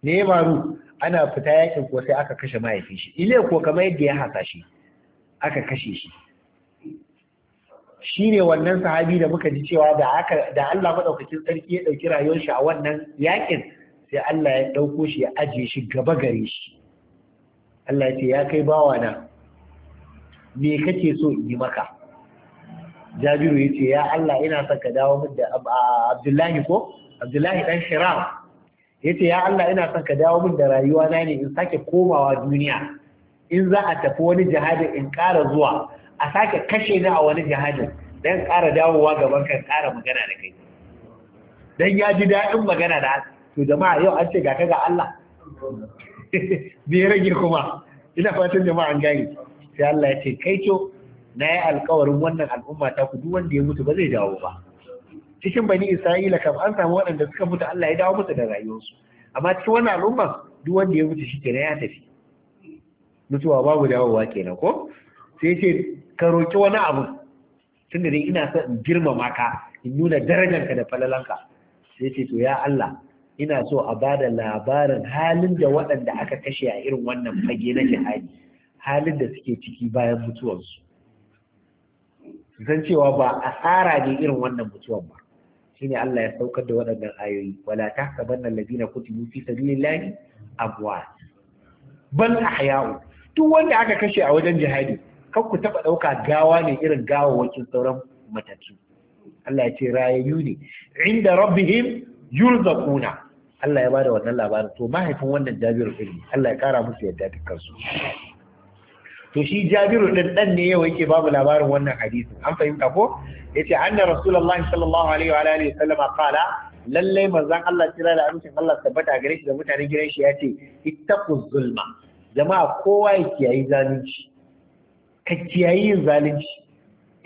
Speaker 1: ne maru ana fita yakin ko sai aka kashe mahaifin shi ile ko kamar yadda ya hasa shi aka kashe shi shi ne wannan sahabi da muka ji cewa da aka da Allah madaukakin sarki ya dauki rayuwar shi a wannan yakin sai Allah ya dauko shi ya aje shi gaba gare shi Allah ya ce ya kai bawana me kake so in yi maka jabiru ya ce ya Allah ina son ka dawo min da abdullahi ko abdullahi dan shiram ya ce ya Allah ina son ka dawo min da rayuwa na ne in sake komawa duniya in za a tafi wani jihadin in ƙara zuwa a sake kashe ni a wani jihadin dan ƙara dawowa gaban kan ƙara magana da kai dan ya ji daɗin magana da to jama'a yau an ce ga ka ga Allah me rage kuma ina fatan jama'a an gani sai Allah ya ce kai to na yi alkawarin wannan al'umma ta ku duk wanda ya mutu ba zai dawo ba cikin bani isra'ila kam an samu waɗanda suka mutu Allah ya dawo musu da rayuwarsu amma cikin wannan al'umma duk wanda ya mutu na ya tafi mutuwa babu dawowa kenan ko sai ce ka roki wani abu tunda dai ina son in girmama ka in nuna darajarka da falalanka sai ce to ya Allah ina so a bada labarin halin da waɗanda aka kashe a irin wannan fage na jihadi halin da suke ciki bayan mutuwarsu Zan cewa ba a tsara ne irin wannan mutuwan ba Shi ne Allah ya saukar da waɗannan ayoyi wala ta nan tahsabanna alladhina kutibu fi sabilillahi amwat Ban ahya'u duk wanda aka kashe a wajen jihadi kan ku taba dauka gawa ne irin gawawakin sauran matatu Allah ya ce rayayyu ne inda rabbihim yurzaquna Allah ya bada wannan labarin to mahaifin wannan Jabir ilmi Allah ya kara musu yadda dukkan su to shi jabiru din dan ne yau yake babu labarin wannan hadisi. an fahimta ko yace anna rasulullah sallallahu alaihi wa alihi wasallam qala lalle manzon Allah tira da amincin Allah tabbata gare shi da mutanen gidan shi yace ittaqu zulma jama'a kowa ya kiyayi zalunci ka kiyayi yin zalunci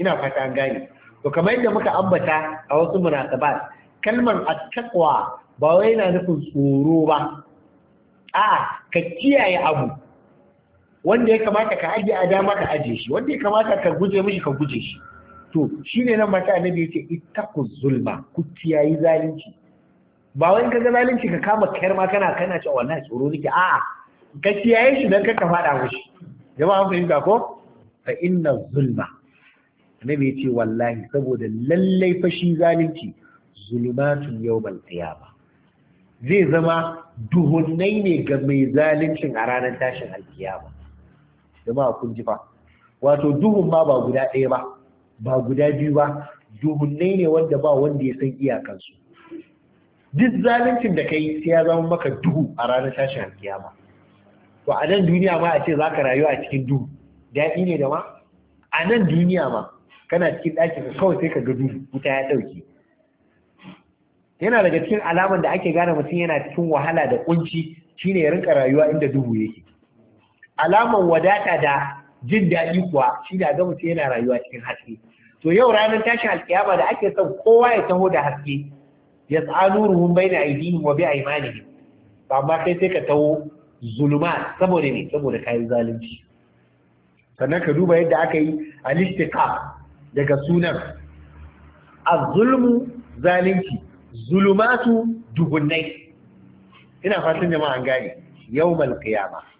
Speaker 1: ina fata an gane to kamar yadda muka ambata a wasu munasabat kalmar attaqwa ba wai yana nufin tsoro ba a'a ka kiyaye abu wanda ya kamata ka aje a dama ka aje shi wanda ya kamata ka guje mishi ka guje shi to shi ne nan mata annabi yace ittaqu zulma ku tiyayi zalunci ba wai kaga zalunci ka kama kayar ma kana kana cewa oh, wallahi tsoro nake a'a ka tiyaye shi dan ka fada mishi jama'a mun fahimta ko fa inna zulma annabi yace wallahi saboda lallai fa shi zalunci zulumatun yawmal qiyamah zai zama duhunnai ne ga mai zaluncin a ranar tashin alkiyama jama'a kun ji fa wato duhun ma ba guda ɗaya ba ba guda biyu ba duhunnai ne wanda ba wanda ya san iyakansu duk zaluncin da kai sai ya zama maka duhu a ranar tashin alkiyama to a nan duniya ma a ce za ka rayu a cikin duhu daɗi ne da ma a nan duniya ma kana cikin ɗakin ka kawai sai ka ga duhu wuta ya ɗauki yana daga cikin alaman da ake gane mutum yana cikin wahala da kunci shine ya rinka rayuwa inda duhu yake alaman wadata da jin daɗi kuwa shi da ga mutum yana rayuwa cikin haske to yau ranar tashin alkiyama da ake son kowa ya taho da haske ya tsano ruhun bai na aidihim wa bi aimanihim ba ma kai sai ka taho zulma saboda ne saboda kayan zalunci sannan ka duba yadda aka yi alistika daga sunan "A zulmu zalunci zulumatu duhunnai ina fatan jama'a an gane yawmal qiyamah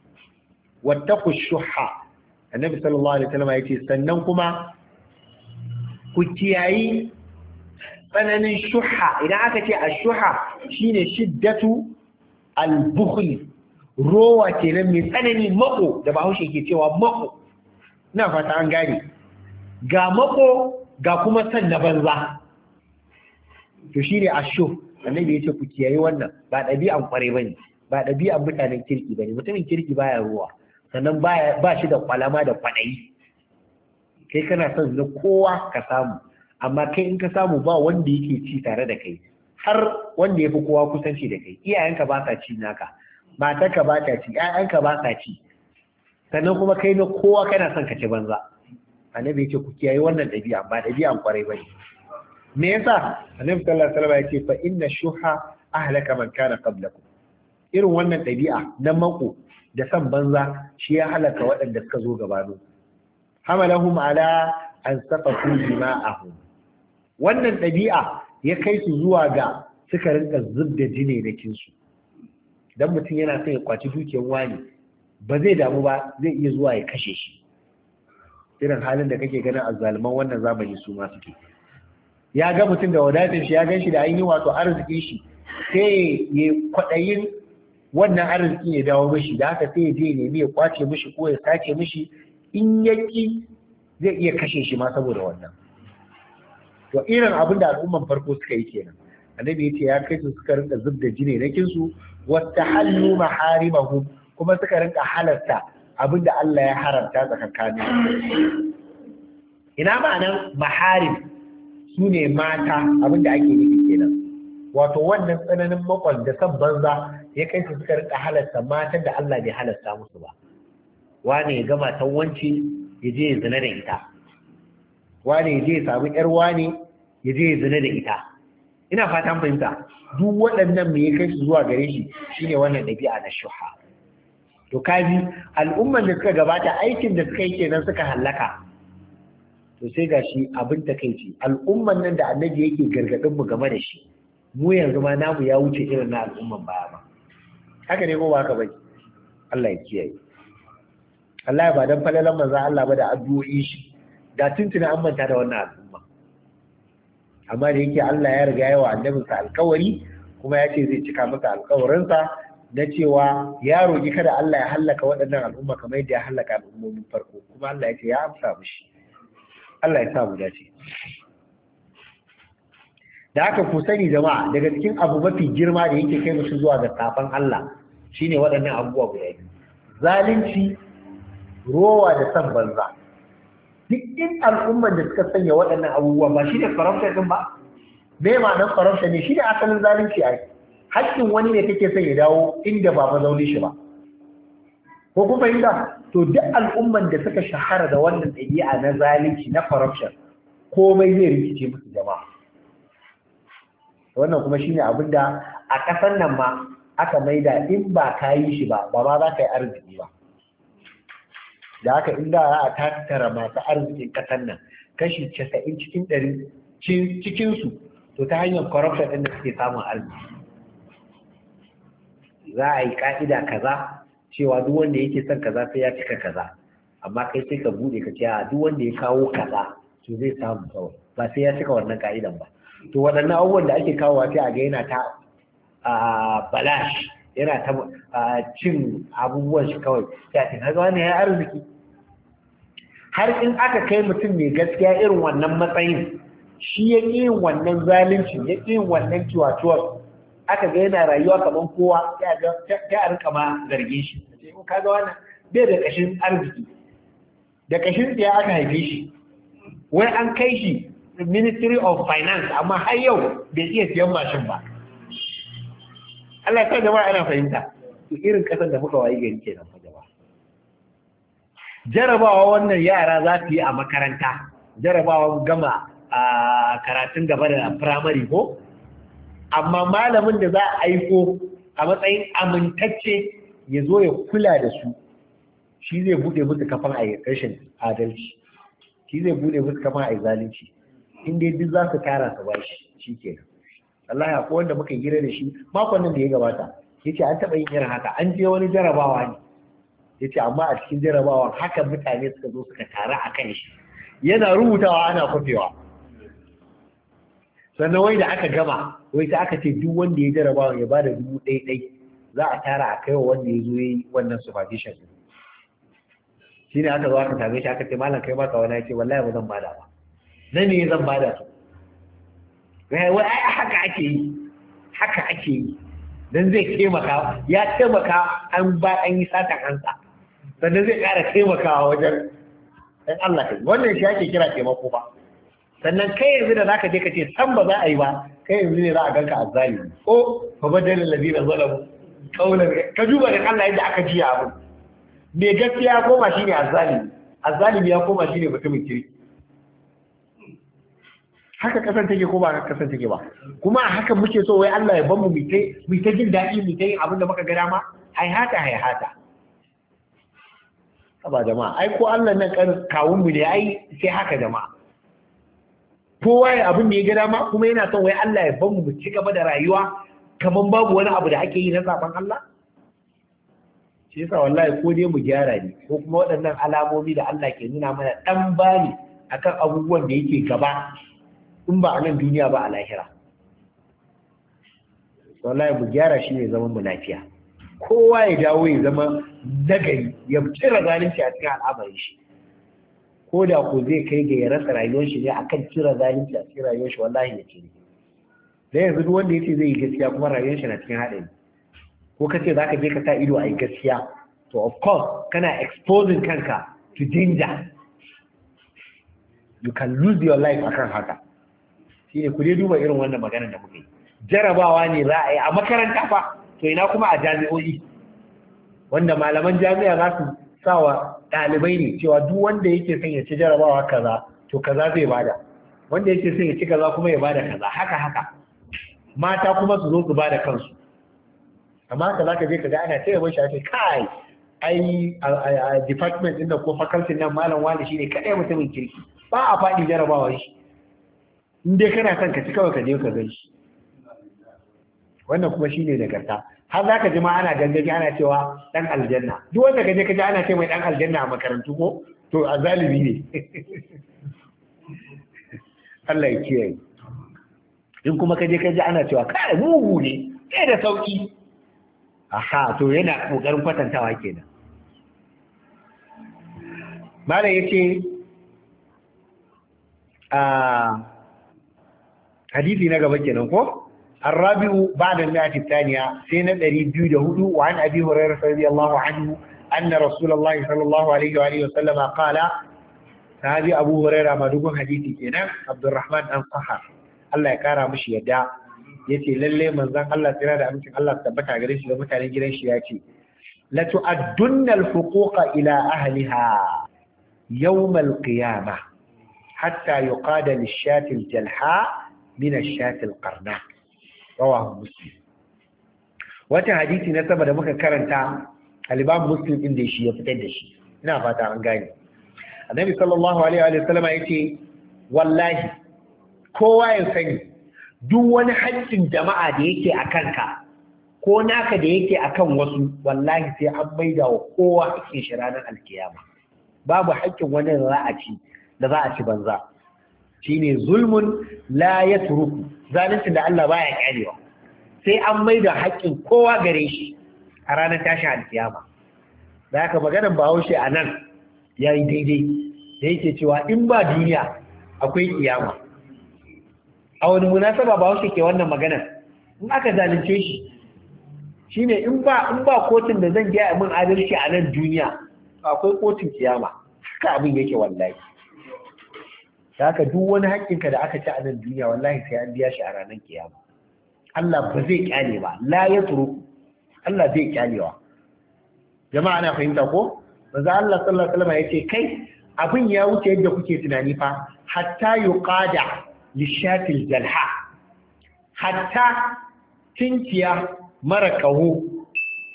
Speaker 1: wattaqu shuha. annabi sallallahu alaihi wasallam yace sannan kuma ku kiyayi tsananin shuha. idan aka ce a shine shiddatu al rowa kenan mai tsanani mako da bahaushe ke cewa mako ina fata an gane ga mako ga kuma san na banza to shine ashu annabi yace ku kiyayi wannan ba ɗabi'an kware bane ba ɗabi'an mutanen kirki bane mutumin kirki baya ruwa sannan ba shi da kwalama da kwaɗayi kai kana son na kowa ka samu amma kai in ka samu ba wanda yake ci tare da kai har wanda ya fi kowa kusanci da kai iyayenka ba sa ci naka matarka ba ta ci ƴaƴanka ba sa ci sannan kuma kai na kowa kana son ka ci banza annabi yake ku kiyaye wannan ɗabi'a ba ɗabi'an kwarai ba ne me yasa annabi sallallahu alaihi wasallam yake fa inna shuha ahlaka man kana qablakum irin wannan ɗabi'a na mako da san banza shi ya halaka waɗanda suka zo gabanu hamalahum ala an su jima'ahu wannan ɗabi'a ya kai su zuwa ga suka rinka zub da jini da kinsu dan mutum yana son ya kwaci dukiyar wani ba zai damu ba zai iya zuwa ya kashe shi irin halin da kake ganin azzaluman wannan zamani su ma suke ya ga mutum da wadatar shi ya gan shi da an yi wato arziki shi sai ya kwaɗayin wannan arziki ya dawo mishi da haka sai ya je nemi ya kwace mishi ko ya sace mishi in ya ki zai iya kashe shi ma saboda wannan to irin abin da al'umman farko suka yi kenan annabi ya ce ya kai su suka rinka zub da jini na kinsu wata hallu maharimahum kuma suka rinka halarta abin da Allah ya haramta tsakankanin ina ma'anar maharim su ne mata abin da ake nufi kenan wato wannan tsananin makon da san banza ya kai su suka rika halasta matan da Allah bai halasta musu ba wane ya gama tan ya je ya zina da ita wane ya je ya samu yar wane ya je ya zina da ita ina fatan fahimta duk waɗannan me ya kai su zuwa gare shi shine wannan ɗabi'a na shuha to kaji al'umman da suka gabata aikin da suka yi kenan suka hallaka to sai gashi abin ce al'umman nan da annabi yake gargaɗin mu game da shi mu yanzu ma namu ya wuce irin na al'umman baya ba haka ne ko ba haka bai Allah ya kiyaye Allah ya ba dan falalan manzo Allah ba da addu'o'i shi da tuntuna an manta da wannan al'umma amma da yake Allah ya riga ya wa yawa sa alƙawari kuma ya ce zai cika masa alkawarinsa na cewa ya roƙi kada Allah ya hallaka waɗannan al'umma kamar yadda ya halaka al'ummomin farko kuma Allah ya ce ya amsa mishi Allah ya sa mu dace da aka ku sani jama'a daga cikin abu mafi girma da yake kai mutum zuwa ga tafan Allah shine waɗannan abubuwa guda biyu zalunci rowa da san banza duk in al'ummar da suka sanya waɗannan abubuwa ba shine farauta din ba me ma'anar farauta ne shi ne asalin zalunci ai haƙƙin wani ne kake son ya dawo inda ba ba zaune shi ba ko kun fahimta to duk al'umman da suka shahara da wannan ɗabi'a na zalunci na corruption komai zai rikice musu jama'a wannan kuma shine abin da a ƙasar nan ma aka maida in ba ka yi shi ba ba ma za ka yi arziki ba da haka in da za a tattara masu arzikin ƙasar nan kashi casa'in cikin ɗari cikinsu to ta hanyar corruption ɗin da suke samun arziki za a yi ƙa'ida kaza cewa duk wanda yake son kaza sai ya cika kaza amma kai sai ka buɗe ka ce duk wanda ya kawo kaza to zai samu kawai ba sai ya cika wannan ka'idan ba to waɗannan abubuwan da ake kawo sai a ga yana ta balash yana ta cin abubuwan shi kawai ya ce na wani ya arziki har in aka kai mutum mai gaskiya irin wannan matsayin shi ya yin wannan zalunci ya yin wannan ciwaciwar aka ga yana rayuwa kamar kowa ya a rika ma zargin shi oh, ka ga wannan bai da kashin arziki da kashin tsiya aka haife shi wai an kai shi ministry of finance amma har yau bai iya siyan mashin ba Allah ya sa ana fahimta to irin kasar da muka wayi gari kenan fa jama'a jarabawa wannan yara za su yi a makaranta jarabawa gama a karatun gaba da firamare ko amma malamin da za a aiko a matsayin amintacce ya zo ya kula da su shi zai bude musu kafan a rashin adalci shi zai bude musu kafan a zalunci in dai duk za su tara su bashi shi kenan Allah ya wanda muka gira da shi makon nan da ya gabata Ya ce an taɓa yin irin haka an je wani jarabawa ne Ya ce amma a cikin jarabawa haka mutane suka zo suka tara kan shi yana rubutawa ana kwafewa sannan wai da aka gama wai sai aka ce duk wanda ya jarabawa ya bada dubu ɗai ɗai za a tara a kai wa wanda ya zo ya yi wannan supervision ne aka zo aka same shi aka ce malam kai ka wani ya ce wallahi ba zan ba da ba na me zan bada su eh, wai ai haka ake yi haka ake yi dan zai taimaka ya taimaka an ba an yi satan hansa sannan zai ƙara taimakawa wajen dan Allah kai wannan shi ake kira taimako ba sannan kai yanzu da zaka je ka ce san ba za a yi ba kai yanzu ne za a ganka azzalimi ko fa badal ladina zalamu qawlan ka duba da Allah yadda aka jiya abu me gaskiya ya koma shine azzalimi azzalimi ya koma shine mutumin kirki haka kasan take ko ba haka kasan take ba kuma a haka muke so wai Allah ya ban mu mu ta jin daɗi mu ta yin abin da muka ga dama ai hata ai hata ba jama'a ai ko Allah nan kan kawun mu ne ai sai haka jama'a ko wai abin da ya ga dama kuma yana son wai Allah ya ban mu ci gaba da rayuwa kaman babu wani abu da ake yi na zaben Allah shi yasa wallahi ko dai mu gyara ne ko kuma waɗannan alamomi da Allah ke nuna mana dan bani akan abubuwan da yake gaba in ba a nan duniya ba a lahira wallahi mu gyara shi ne zaman mu lafiya kowa ya dawo ya zama nagari ya cire zalunci a cikin al'amarin shi ko da ko zai kai ga ya rasa rayuwar shi ne akan cire zalunci a cikin rayuwar shi wallahi ya ce da yanzu duk wanda ya ce zai yi gaskiya kuma rayuwar shi na cikin haɗari ko kace zaka je ka sa ido a yi gaskiya to of course kana exposing kanka to danger you can lose your life akan haka ne ku dai duba irin wannan maganar da muke jarabawa ne za a yi a makaranta fa to ina kuma a jami'o'i wanda malaman jami'a za su sawa ɗalibai ne cewa duk wanda yake son ya ci jarabawa kaza to kaza zai bada wanda yake son ya ci kaza kuma ya bada kaza haka haka mata kuma su zo su bada kansu amma haka zaka je ga ana taya mashi ake kai ai a department din da ko faculty nan malam wani shine kadai mutumin kirki ba a faɗi jarabawa shi in dai kana son ka ci kawai ka je ka gan shi wannan kuma shine nagarta har za ka ji ma ana gangaji ana cewa dan aljanna duk wanda ka je ka ji ana ce mai dan aljanna a makarantu ko to a zalibi ne Allah ya kiyaye in kuma ka je ka ji ana cewa kai mugu ne kai da sauki aha to yana kokarin kwatantawa kenan malam yace a ah, hadisi na gaba kenan ko الرابع بعد المئة الثانية سنة ريبيو دهود وعن أبي هريرة رضي الله عنه أن رسول الله صلى الله عليه وآله وسلم قال هذه أبو هريرة ما دوبون حديثي كنا عبد الرحمن أن صحر الله يكارى مش يدع يتي للي من ذنب الله ترى ده أمتك الله تبكى غريش لو متى نجرين شياتي لتؤدن الحقوق إلى أهلها يوم القيامة حتى يقاد للشاة الجلحاء min ash-shatil qarna rawahu wata hadisi na saba da muka karanta al-imam muslim da shi ya fitar da shi ina fata an gane annabi sallallahu alaihi wa sallama yace wallahi kowa ya sani duk wani haƙƙin jama'a da yake a kanka ko naka da yake akan wasu wallahi sai an maida wa kowa ake shi ranar alkiyama babu haƙƙin wani da za da za a ci banza shine zulmun la turuku zalincin da Allah baya karewa sai an maida haƙƙin kowa gare shi a ranar tashin alkiyama da haka maganan bahaushe a nan ya yi daidai da yake cewa in ba duniya akwai kiyama a wani munasaba bahaushe ke wannan maganar in aka zalunce shi shine in in ba kotun da zan gaya min adalci a nan duniya akwai kotun kiyama haka abin yake wallahi haka duk wani haƙƙinka da aka ci a nan duniya wallahi sai an biya shi a ranar kiyama Allah ba zai kyale ba la ya Allah zai kyalewa jama'a na fahimta ko maza Allah sallallahu alaihi wasallam yace kai abin ya wuce yadda kuke tunani fa hatta yuqada lishatil jalha hatta tinkiya mara kaho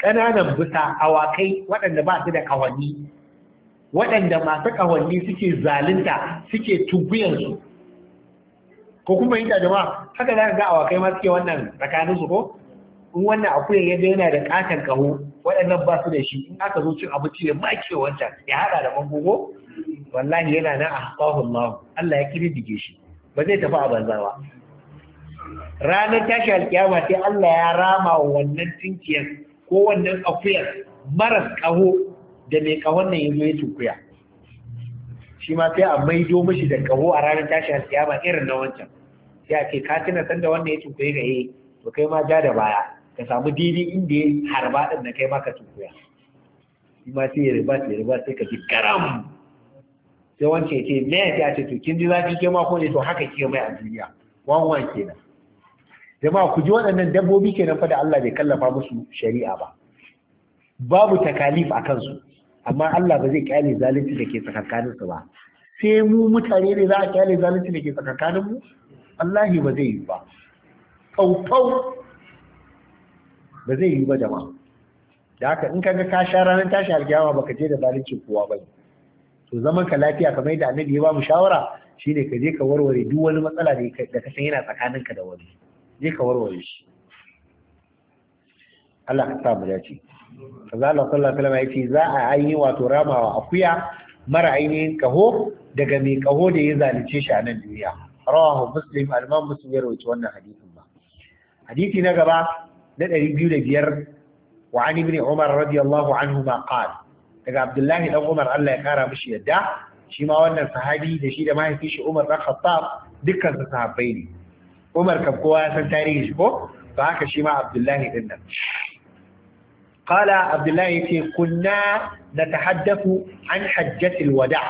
Speaker 1: ƙananan bisa awakai waɗanda ba su da ƙawanni. waɗanda masu ƙawanni suke zalunta suke tubiyansu ko kuma yi jama'a haka za ka ga awakai ma suke wannan tsakaninsu ko in wannan akuyan yadda yana da ƙaton ƙaho waɗannan ba su da shi in aka zo cin abinci da make wanta ya haɗa da mangogo? wallahi yana nan a hasahun lahu Allah ya kirdige shi ba zai tafi a banza ba
Speaker 2: ranar tashi alkiyama
Speaker 1: sai Allah ya rama wa wannan tinkiyar ko wannan akuyar maras ƙaho da mai kawon nan ya zo ya tukuya shi ma sai a maido mashi da kaho a ranar tashi alƙiyama irin na wancan sai a ce ka tuna sanda wannan ya tukuya ga eh. yi, to kai ma ja da baya ka samu didi inda ya harba din da kai ma ka tukuya shi ma sai ya riba ya riba sai ka ji garam sai wancan ya ce me ya ce to kin ji zafi ke ma ko ne to haka ke mai a duniya wanwan kenan jama'a ku ji waɗannan dabbobi kenan fa da Allah bai kallafa musu shari'a ba babu takalif a kansu amma Allah ba zai kyale zalunci da ke tsakankanin su ba sai mu mutane ne za a kyale zalunci da ke tsakankanin mu wallahi ba zai yi ba faufau ba zai yi ba jama'a da haka in kaga ka sha ranar tashi alkiyama baka je da zalunci kowa ba to zaman ka lafiya kamar yadda annabi ya ba mu shawara shine ka je ka warware duk wani matsala da ka san yana tsakaninka da wani je ka warware shi Allah ka sa mu dace Allah sallallahu alaihi ya ce za a ainihin wato ramawa akuya mara ainihin kaho daga mai kaho da ya zalunce shi a nan duniya rawahu muslim al-imam ya rawaita wannan hadisin ba hadisi na gaba na 205 wa an ibn umar radiyallahu anhu ma qala daga abdullahi dan umar Allah ya kara mishi yadda shi ma wannan sahabi da shi da mahaifin shi umar dan khattab dukkan su sahabbai ne umar kan kowa ya san tarihi shi ko ba haka shi ma abdullahi din nan qala abdullahi yace kunna natahaddathu an hajjatil wada'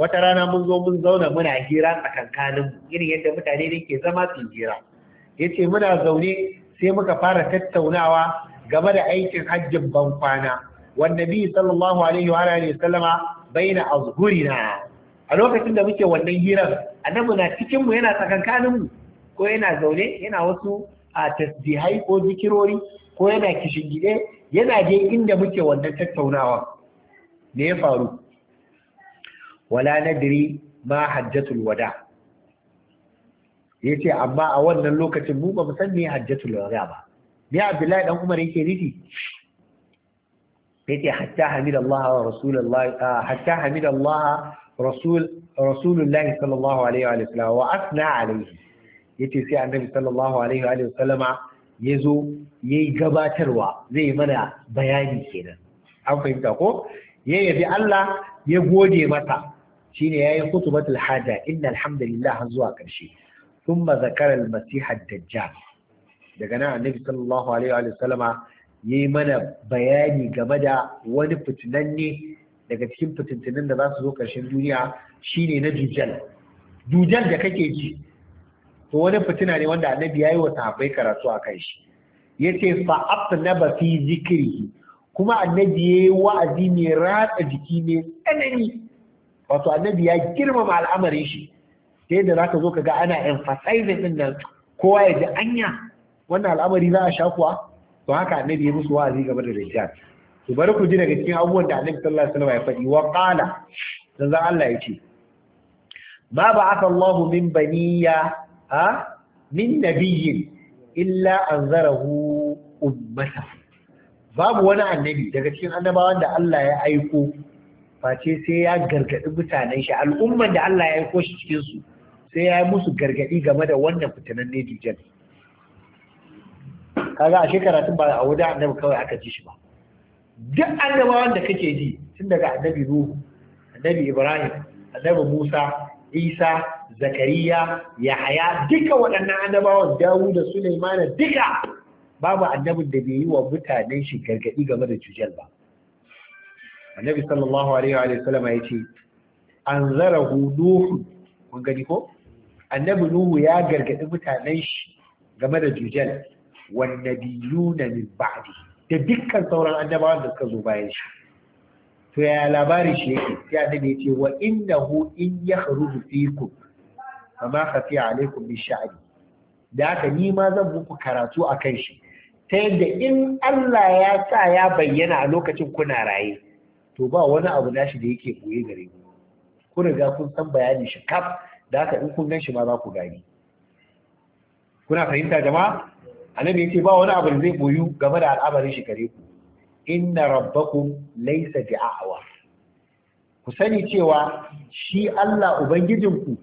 Speaker 1: wata rana mun zo mun zauna muna hira tsakankanin irin yadda mutane ne ke zama su hira yace muna zaune sai muka fara tattaunawa game da aikin hajjin ban kwana wanda bi sallallahu alaihi wa alihi sallama baina azhurina a lokacin da muke wannan hirar annabi na cikin mu yana tsakankanin mu ko yana zaune yana wasu a tasdihai ko zikirori ko yana kishingide yana je inda muke wannan tattaunawa me ya faru wala nadri ma hajjatul wada yace amma a wannan lokacin mu ba mu san me hajjatul wada ba me Abdullahi dan Umar yake nufi yace hatta hamidallah wa rasulullah hatta hamidallah rasul rasulullahi sallallahu alaihi wa sallam wa asna alaihi yace sai annabi sallallahu alaihi wa sallama ya zo ya yi gabatarwa zai mana bayani kenan an fahimta ko ya yabi Allah ya gode masa shine yayin khutbatul haja inna alhamdulillah zuwa ƙarshe Sun ma al-masih ad-dajjal daga nan annabi sallallahu alaihi wa sallama yayi mana bayani game da wani fitinanne daga cikin fitintunin da za su zo karshen duniya shine na dujjal dujjal da kake ji to wani fitina ne wanda annabi ya yi wa sahabbai karatu a kai shi Ya ce yace na na fi zikiri. kuma annabi ya yi wa'azi mai ratsa jiki mai tsanani wato annabi ya girmama al'amarin shi ta yadda ka zo ka ga ana emphasizing ɗin nan kowa ya ji anya wannan al'amari za a sha kuwa to haka annabi ya musu wa'azi game da rijiyar to bari ku ji daga cikin abubuwan da annabi sallallahu alaihi wasallam ya faɗi wa qala dan Allah ya ce ba aka Allahu min baniya a min nabiyyin illa anzarahu ummata babu wani annabi daga cikin annabawan da Allah ya aiko face sai ya gargaɗi mutanen shi al'umman da Allah ya aiko shi cikin su sai ya yi musu gargaɗi game da wannan fitinan ne Ka kaga a tun ba a wajen annabi kawai aka ji shi ba duk annabawan da kake ji tun daga annabi Nuhu annabi Ibrahim annabi Musa Isa, Zakariya, Yahaya, duka waɗannan annabawan dawu da suleimana duka babu annabin da bai yi wa mutanen shi gargaɗi game da jujal ba. Annabi sallallahu alaihi wa sallam ya ce, "An zara Nuhu, kun gani ko? Annabi Nuhu ya gargaɗi mutanen shi game da jujal, wanne biyu na min ba'di da dukkan sauran annabawan da suka zo bayan shi. to ya labarin shi yake sai a ya ce wa hu in ya a ma hafi a alaikum bi sha'ari da haka ni ma zan muku karatu akan shi ta yadda in Allah ya sa ya bayyana a lokacin kuna raye to ba wani abu na shi da yake ɓoye gare ku kun riga kun san bayanin shi kaf da haka in kun gan shi ma za ku gani kuna fahimta jama'a annabi ya ce ba wani abu da zai boyu game da al'amarin shi gare ku inna rabbakum laysa bi'awa ku sani cewa shi Allah ubangijinku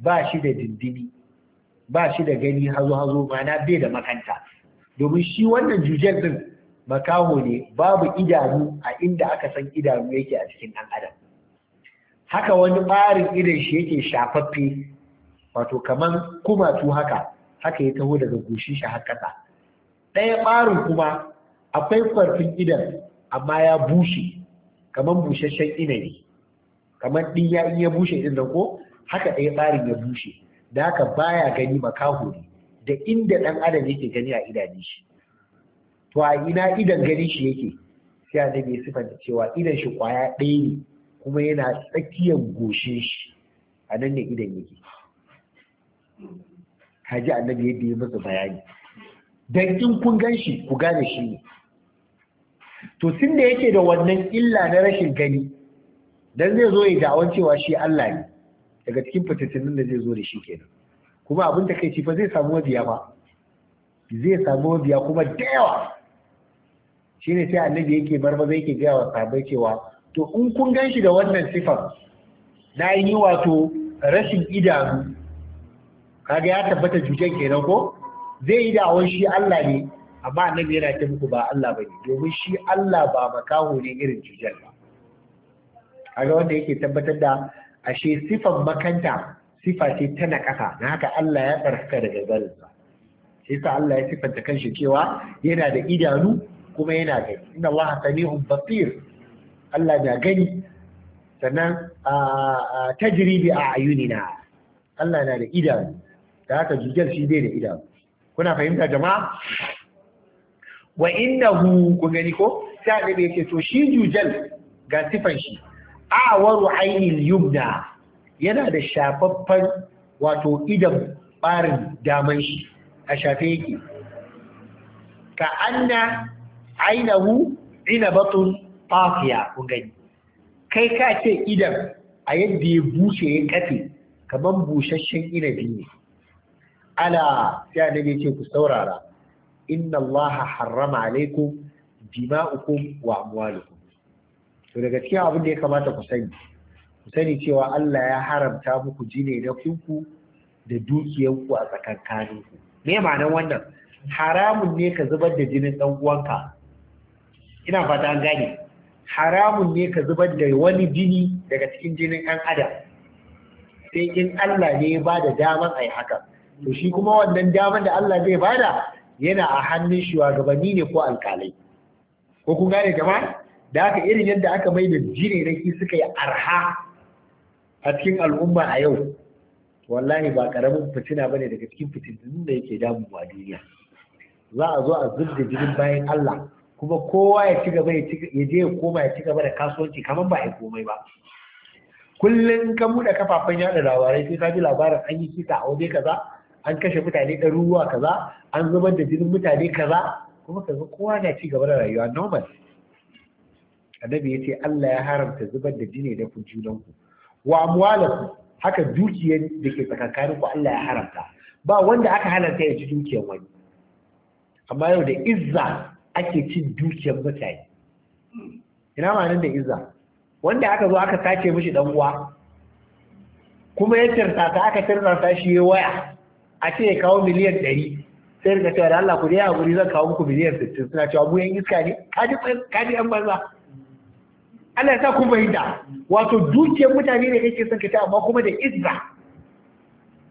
Speaker 1: ba shi da dindini ba shi da gani hazo hazo mana bai da makanta domin shi wannan jujjar din makaho ne babu idanu a inda aka san idanu yake a cikin ɗan adam haka wani ɓarin idan shi yake shafaffe wato kaman tu haka haka ya taho daga goshin shi har kasa ɗaya ɓarin kuma akwai farfin idan amma ya bushe kamar busasshen inabi kamar din ya in bushe din nan ko haka ɗaya tsarin ya bushe da haka baya gani makaho ne da inda ɗan adam yake gani a idanun shi to a ina idan gani shi yake sai annabi ya sifanta cewa idan shi kwaya ɗaya ne kuma yana tsakiyar goshin shi a nan ne idan yake kaji annabi yadda ya masa bayani dan in kun gan shi ku gane shi ne to tun da yake da wannan illa na rashin gani dan zai zo ya da'awan cewa shi Allah ne daga cikin fitattun da zai zo da shi kenan kuma abin da kai fa zai samu wajiya ba zai samu wajiya kuma da yawa ne sai annabi yake zai yake gaya wa sahabbai cewa to in kun gan shi da wannan sifar na yi wato rashin idanu kaga ya tabbata cutar kenan ko zai yi da'awar shi Allah ne amma annabi yana ta muku ba Allah bane domin shi Allah ba makaho ne irin jujjal ba kaga wanda yake tabbatar da ashe sifan makanta sifa ce ta naƙasa na haka Allah ya tsarkaka daga zarinsa shi yasa Allah ya sifanta kanshi cewa yana da idanu kuma yana gani inna Allah samihun basir Allah na gani sannan tajribi a ayunina Allah na da idanu da haka jujjal shi bai da idanu kuna fahimta jama'a wa innahu ku gani ko sai annabi ce to shi jujal ga sifan shi a'waru ainil yumna yana da shafaffan wato idan barin daman shi a shafe yake ka anna ainahu inabatun tafiya ku gani kai ka ce idan a yadda ya bushe ya kafe kamar busasshen inabi ne ala sai annabi ce ku saurara inna Allah harrama alaikum dima'ukum wa amwalukum to daga cikin abin da ya kamata ku sani ku sani cewa Allah ya haramta muku jine da kunku da dukiyanku a ku. me ma'ana wannan haramun ne ka zubar da jinin dan uwanka ina fata an gane haramun ne ka zubar da wani jini daga cikin jinin ɗan adam sai in Allah ne ya bada daman a haka to shi kuma wannan daman da Allah zai bada yana a hannun shugabanni ne ko alkalai ko kun gane jama'a da haka irin yadda aka mai da jireraki suka yi arha a cikin al'umma a yau wallahi ba karamin fitina bane daga cikin fitinin da yake damu a duniya za a zo a zub da jirin bayan Allah kuma kowa ya ci gaba ya je ya koma ya ci gaba da kasuwanci kamar ba ya komai ba kullum ka buɗe kafafen yaɗa labarai sai ka ji labarin an yi kisa a waje kaza an kashe mutane ɗaruruwa kaza an zubar da jinin mutane kaza kuma kaza kowa na ci gaba da rayuwa normal annabi ya ce Allah ya haramta zubar da jini da kun junanku wa amwalaku haka dukiyar da ke tsakankanin ku Allah ya haramta ba wanda aka halarta ya ci dukiyar wani amma yau da izza ake cin dukiyar mutane ina ma da izza wanda aka zo aka sace mishi dan uwa kuma ya tirta ta aka tirta ta shi waya a ce ya kawo miliyan ɗari sai rika cewa da Allah ku dai a guri zan kawo muku miliyan sittin suna cewa mu yan iska ne kaji yan banza Allah ya sa ku fahimta wato dukiyar mutane ne kake son ka ta amma kuma da izza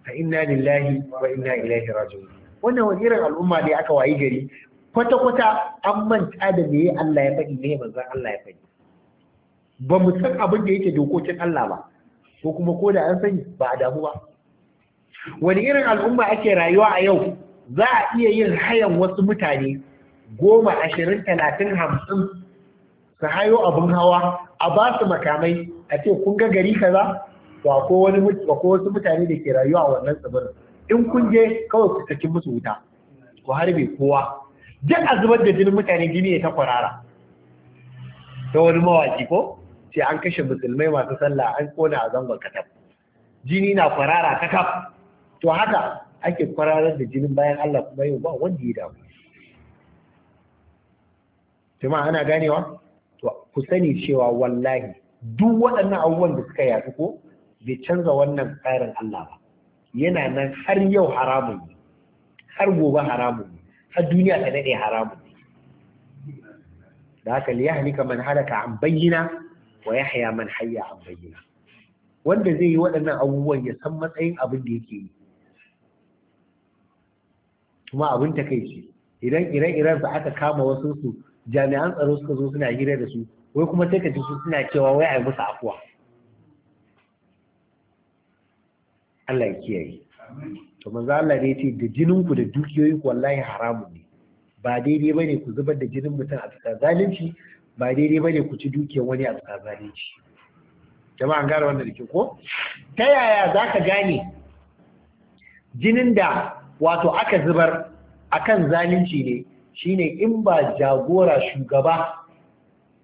Speaker 1: fa inna lillahi wa inna ilaihi raji'un wannan wani irin al'umma ne aka wayi gari kwata kwata an manta da me Allah ya faɗi ne? manzon Allah ya faɗi ba mu san abin da yake dokokin Allah ba ko kuma ko da an sani ba a damu ba wani irin al'umma ake rayuwa a yau za a iya yin hayan wasu mutane goma ashirin talatin hamsin su hayo abin hawa a ba su makamai a ce kun ga gari kaza wa ko wani ko wasu mutane da ke rayuwa a wannan tsibirin in kun je kawai ku saki musu wuta ku harbe kowa duk a zubar da jinin mutane jini ya ta kwarara ta wani mawaki ko sai an kashe musulmai masu sallah an kona a zangon katab jini na kwarara ta kaf to haka ake kwararar da jinin bayan Allah kuma yau ba wanda ya damu jama'a ana ganewa to ku sani cewa wallahi duk waɗannan abubuwan da suka yaɗu ko bai canza wannan tsarin Allah ba yana nan har yau haramun ne har gobe haramun ne har duniya ta daɗe haramun ne da haka liyahlika man halaka an bayyana wa yahya man hayya an bayyana wanda zai yi waɗannan abubuwan ya san matsayin abin da yake yi kuma abin ta ce idan ire-iren su aka kama wasu su jami'an tsaro suka zo suna hira da su wai kuma sai ka ji su suna cewa wai a yi musu afuwa Allah ya kiyaye to manzo Allah ne ce da jinin ku da dukiyoyin ku wallahi haramu ne ba daidai bane ku zubar da jinin mutum a bisa zalunci ba daidai bane ku ci dukiyar wani a bisa zalunci jama'an gara wanda dake ko ta yaya za ka gane jinin da wato aka zubar a kan zalunci ne shine in ba jagora shugaba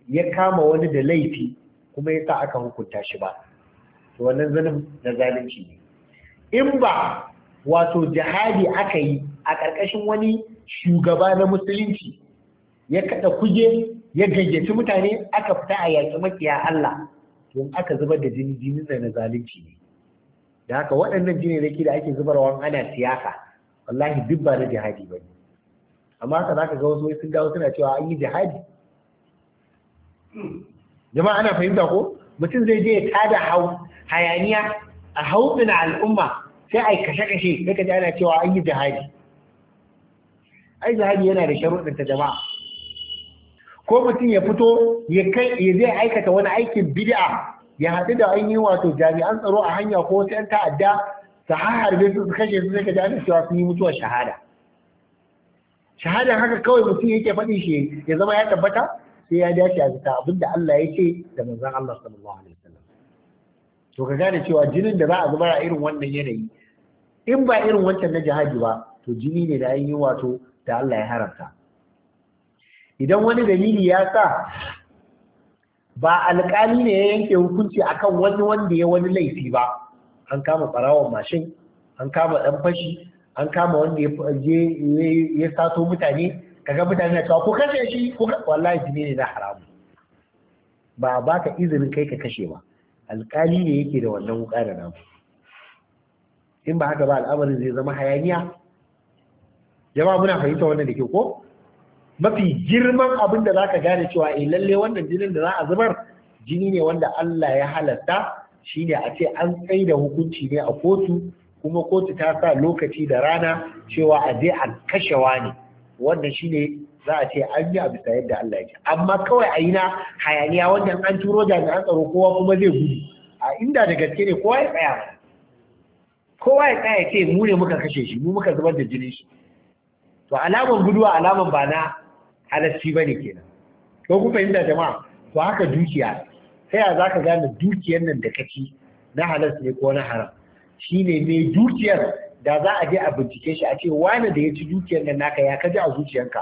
Speaker 1: ya kama wani da laifi kuma ya sa aka hukunta shi ba to wannan zanen na zalunci ne in ba wato jihadi aka yi a ƙarƙashin wani shugaba na musulunci ya kaɗa kuje ya gayyaci mutane aka fita a yaƙi makiya Allah to aka zubar da jini jinin na zalunci ne da haka waɗannan jini da ake zubarwa ana siyasa wallahi duk ba na jihadi ba ne amma haka zaka ga wasu sun dawo suna cewa an yi jihadi jama'a ana fahimta ko mutum zai je ya tada hayaniya a haufin al'umma sai a yi kashe-kashe sai ka ji ana cewa an yi jihadi ai jihadi yana da sharuɗin ta jama'a ko mutum ya fito ya kai ya zai aikata wani aikin bid'a ya haɗu da an yi wato jami'an tsaro a hanya ko wasu 'yan ta'adda ta harbe su kashe su sai ka ji cewa sun yi mutuwar shahada shahada haka kawai mutum yake faɗi shi ya zama ya tabbata sai ya dace a zata abin da Allah ya ce da manzon Allah sallallahu alaihi wasallam to ka gane cewa jinin da za a zubar a irin wannan yanayi in ba irin wancan na jihadi ba to jini ne da an yi wato da Allah ya haramta idan wani dalili ya sa ba alƙali ne ya yanke hukunci akan wani wanda ya wani laifi ba an kama barawon mashin an kama ɗan fashi an kama wanda ya sato mutane kaga mutane na cewa ko kashe shi ko wallahi jini ne na haramu ba ba ka izinin kai ka kashe ba alƙali ne yake da wannan wuƙa da namu in ba haka ba al'amarin zai zama hayaniya jama'a muna fahimta wannan da ke ko mafi girman abin da za ka gane cewa eh lalle wannan jinin da za a zubar jini ne wanda Allah ya halatta shine a ce an da hukunci ne a kotu kuma kotu ta sa lokaci da rana cewa a je a kashe wani wannan shine za a ce an yi a bisa yadda Allah ya ce amma kawai a yi na hayaniya wannan an turo an tsaro kowa kuma zai gudu a inda da gaske ne kowa ya tsaya kowa ya tsaya ce mu ne muka kashe shi mu muka zubar da jinin shi to alaman guduwa alaman ba na halasci bane kenan ko ku fahimta jama'a to haka dukiya ta yaya za ka gane dukiyar nan da kaci na halas ne ko na haram shi ne mai dukiyar da za a je a bincike shi a ce wani da ya ci dukiyar nan naka ya kaji a zuciyarka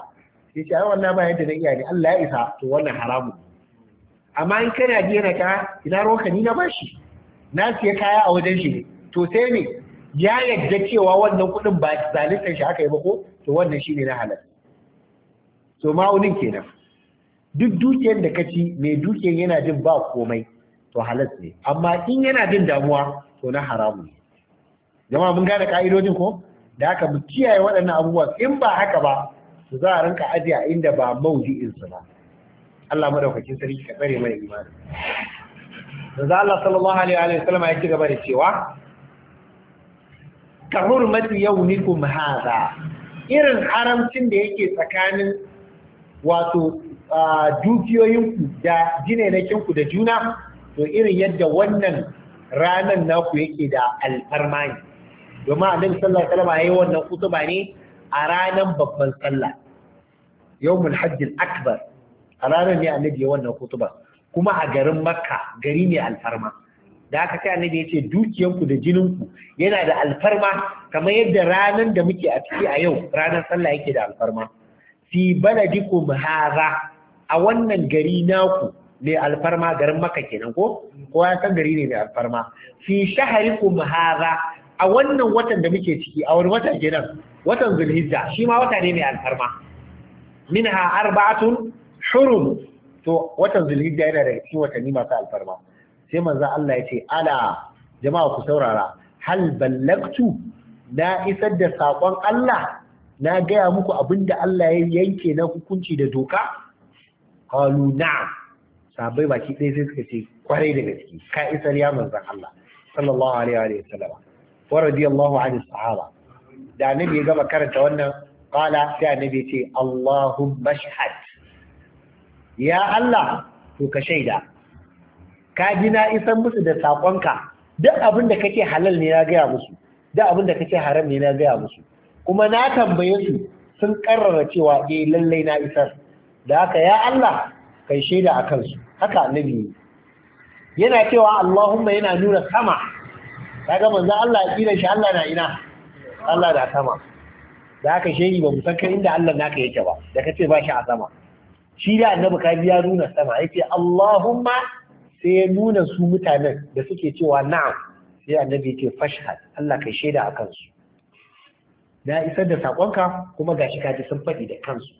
Speaker 1: sai ce ai wannan ba yadda na iya ne Allah ya isa to wannan haramu amma in kana ji yana ka ina roka ni na bashi na siya kaya a wajen shi to sai ne ya yadda cewa wannan kuɗin ba zaluntar shi aka yi ba ko to wannan shine na halal to ma'aunin kenan duk dukiyar da kaci mai dukiyar yana jin ba komai to halas ne amma in yana jin damuwa to na haramu ne jama'a mun gane ka'idojin ko da haka mu kiyaye waɗannan abubuwa in ba haka ba to za a rinka ajiya a inda ba in su ba Allah madaukakin sarki ka tsare mana imani da Allah sallallahu alaihi wa sallam ya ci gaba da cewa ka hurmati yawmikum hadha irin haramcin da yake tsakanin wato dukiyoyinku da jinenakinku da juna to irin yadda wannan ranan naku yake da alfarma ne domin annabi sallallahu alaihi wasallam yi wannan kutuba ne a ranan babban sallah yawmul hajjil akbar a ranar ne annabi ya wannan kutuba kuma a garin makka gari ne alfarma da aka sai annabi ya dukiyanku da jininku yana da alfarma kamar yadda ranar da muke a ciki a yau ranar sallah yake da alfarma fi baladikum hadha a wannan gari naku ne alfarma garin maka kenan ko kowa ya san gari ne mai alfarma fi shaharikum hadha a wannan watan da muke ciki a wani wata kenan watan zulhijja shi ma wata ne mai alfarma minha arba'atun hurum to watan zulhijja yana daga cikin watanni masu alfarma sai manzo Allah ya ce ala jama'a ku saurara hal ballagtu na isar da saƙon Allah na gaya muku abinda Allah ya yanke na hukunci da doka qalu na'am sabai baki ɗaya sai suka ce kwarai da gaske ka isar ya manzon Allah sallallahu alaihi wa sallam wa radiyallahu anhu sahaba da annabi ya gama karanta wannan qala sai annabi ya ce Allahumma shahad ya Allah to ka shaida ka ji na isan musu da sakonka duk abin da kake halal ne na gaya musu duk abin da kake haram ne na gaya musu kuma na tambaye su sun karrara cewa eh lallai na isar da haka ya Allah kai shaida a kansu haka annabi yana cewa Allahumma yana nuna sama kaga manzo Allah kira shi Allah na ina Allah da sama da haka shehi ba san inda Allah naka yake ba da kace ba shi a sama shi da annabi ka biya nuna sama yace Allahumma sai ya nuna su mutanen da suke cewa na'am sai annabi yake fashhad Allah kai shaida a kansu da isar da sakonka kuma gashi kaji sun faɗi da kansu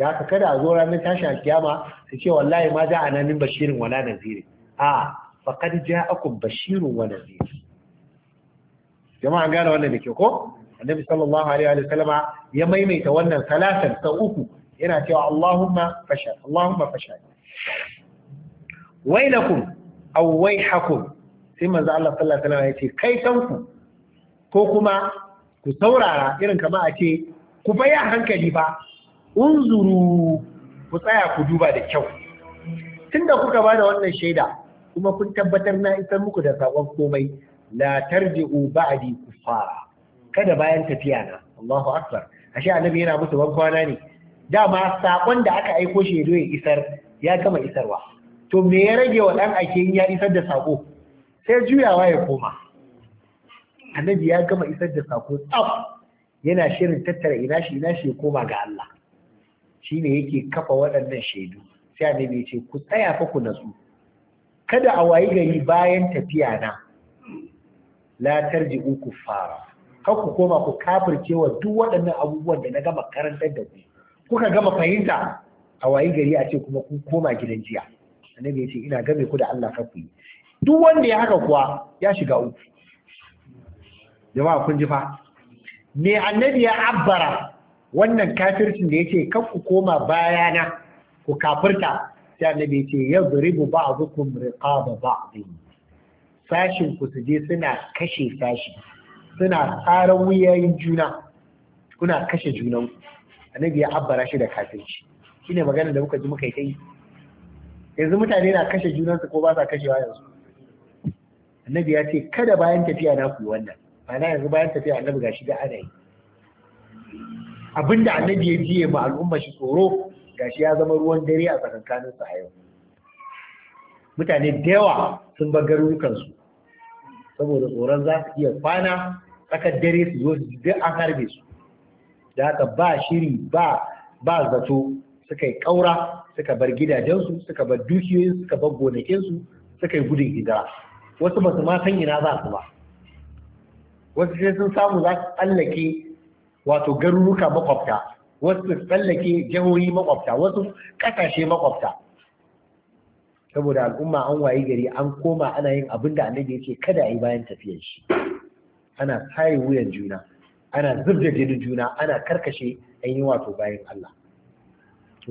Speaker 1: da haka kada a zo ranar tashi alkiyama su ce wallahi ma za a na min bashirin wala nazirin a faqad ja'akum bashirun wa nazir jama'a gane wannan da ke ko annabi sallallahu alaihi wa sallama ya maimaita wannan salatan ta uku yana cewa Allahumma fashal Allahumma fashal wailakum aw waihakum sai manzo Allah sallallahu alaihi wa sallama ya ce kai tanku ko kuma ku saurara irin kama a ce ku baya hankali ba unzuru ku tsaya ku duba da kyau Tun da kuka ba da wannan shaida kuma kun tabbatar na isar muku da sakon komai la tarji'u ba'di kufara kada bayan tafiya na Allahu akbar ashe annabi yana musu kwana ne dama saƙon da aka aiko shi ya isar ya gama isarwa to me ya rage wa dan ake ya isar da sako sai juyawa ya koma annabi ya gama isar da sako tsaf yana shirin tattara ina shi ina shi ya koma ga Allah Shi ne yake kafa waɗannan shaidu sai annabi ya ce ku tsaya fa ku natsu kada a wayi gari bayan tafiya na la tarji'u uku fara kar ku koma ku kafirce wa duk waɗannan abubuwan da na gama karantar da ku kuka gama fahimta a wayi gari a ce kuma ku koma gidan jiya annabi ya ce ina game ku da Allah kar ku yi duk wanda ya haka kuwa ya shiga uku jama'a kun ji fa me annabi ya abbara wannan kafircin da yake kan ku koma bayana ku kafirta sai annabi yace yadribu ba'dukum riqaba ba'din Fashin ku su je suna kashe sashi suna tsara wuyayin juna kuna kashe junan annabi ya abbara shi da kafirci shine magana da muka ji muka yi kai yanzu mutane na kashe junansu ko ba sa kashewa yanzu annabi ya ce kada bayan tafiya na ku wannan ma'ana yanzu bayan tafiya annabi shi da ana yi abinda annabi ya jiye ma al'umma shi tsoro gashi ya zama ruwan dare a tsakankanin sa yau mutane da yawa sun bar garurukan su saboda tsoron za su iya kwana tsakar dare su zo su da an harbe su da haka ba shiri ba ba zato suka yi kaura suka bar gidajensu suka bar dukiyoyin suka bar gonakinsu suka yi gudun hijira wasu ba su ma san ina za su ba wasu sai sun samu za su tsallake wato garuruka makwabta wasu tsallake jihohi makwabta wasu kasashe makwabta saboda al'umma an wayi gari an koma ana yin abin da annabi yake kada a yi bayan tafiyar shi ana tsaye wuyan juna ana zubda jinin juna ana karkashe ainihin wato bayan Allah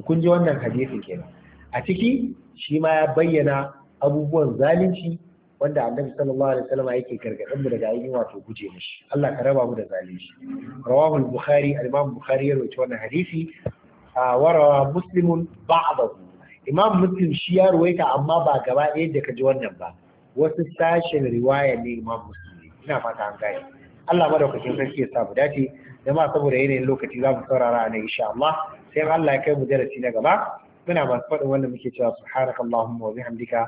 Speaker 1: kun ji wannan hadisi kenan a ciki shi ma ya bayyana abubuwan zalunci wanda annabi sallallahu alaihi wasallam yake gargadin mu daga ainihin wato guje mishi Allah ka raba mu da zalunci rawahu al-bukhari al-imam bukhari ya rawaito wannan hadisi wa rawa muslimun ba'dahu imam muslim shi ya rawaita amma ba gaba ɗaya da kaji wannan ba wasu sashen riwaya ne imam muslim ina fata an gane Allah madaukakin sarki ya sa mu dace jama'a saboda yanayin lokaci za mu saurara ne insha Allah sai Allah ya kai mu darasi na gaba muna masu faɗin wanda muke cewa subhanakallahumma wa bihamdika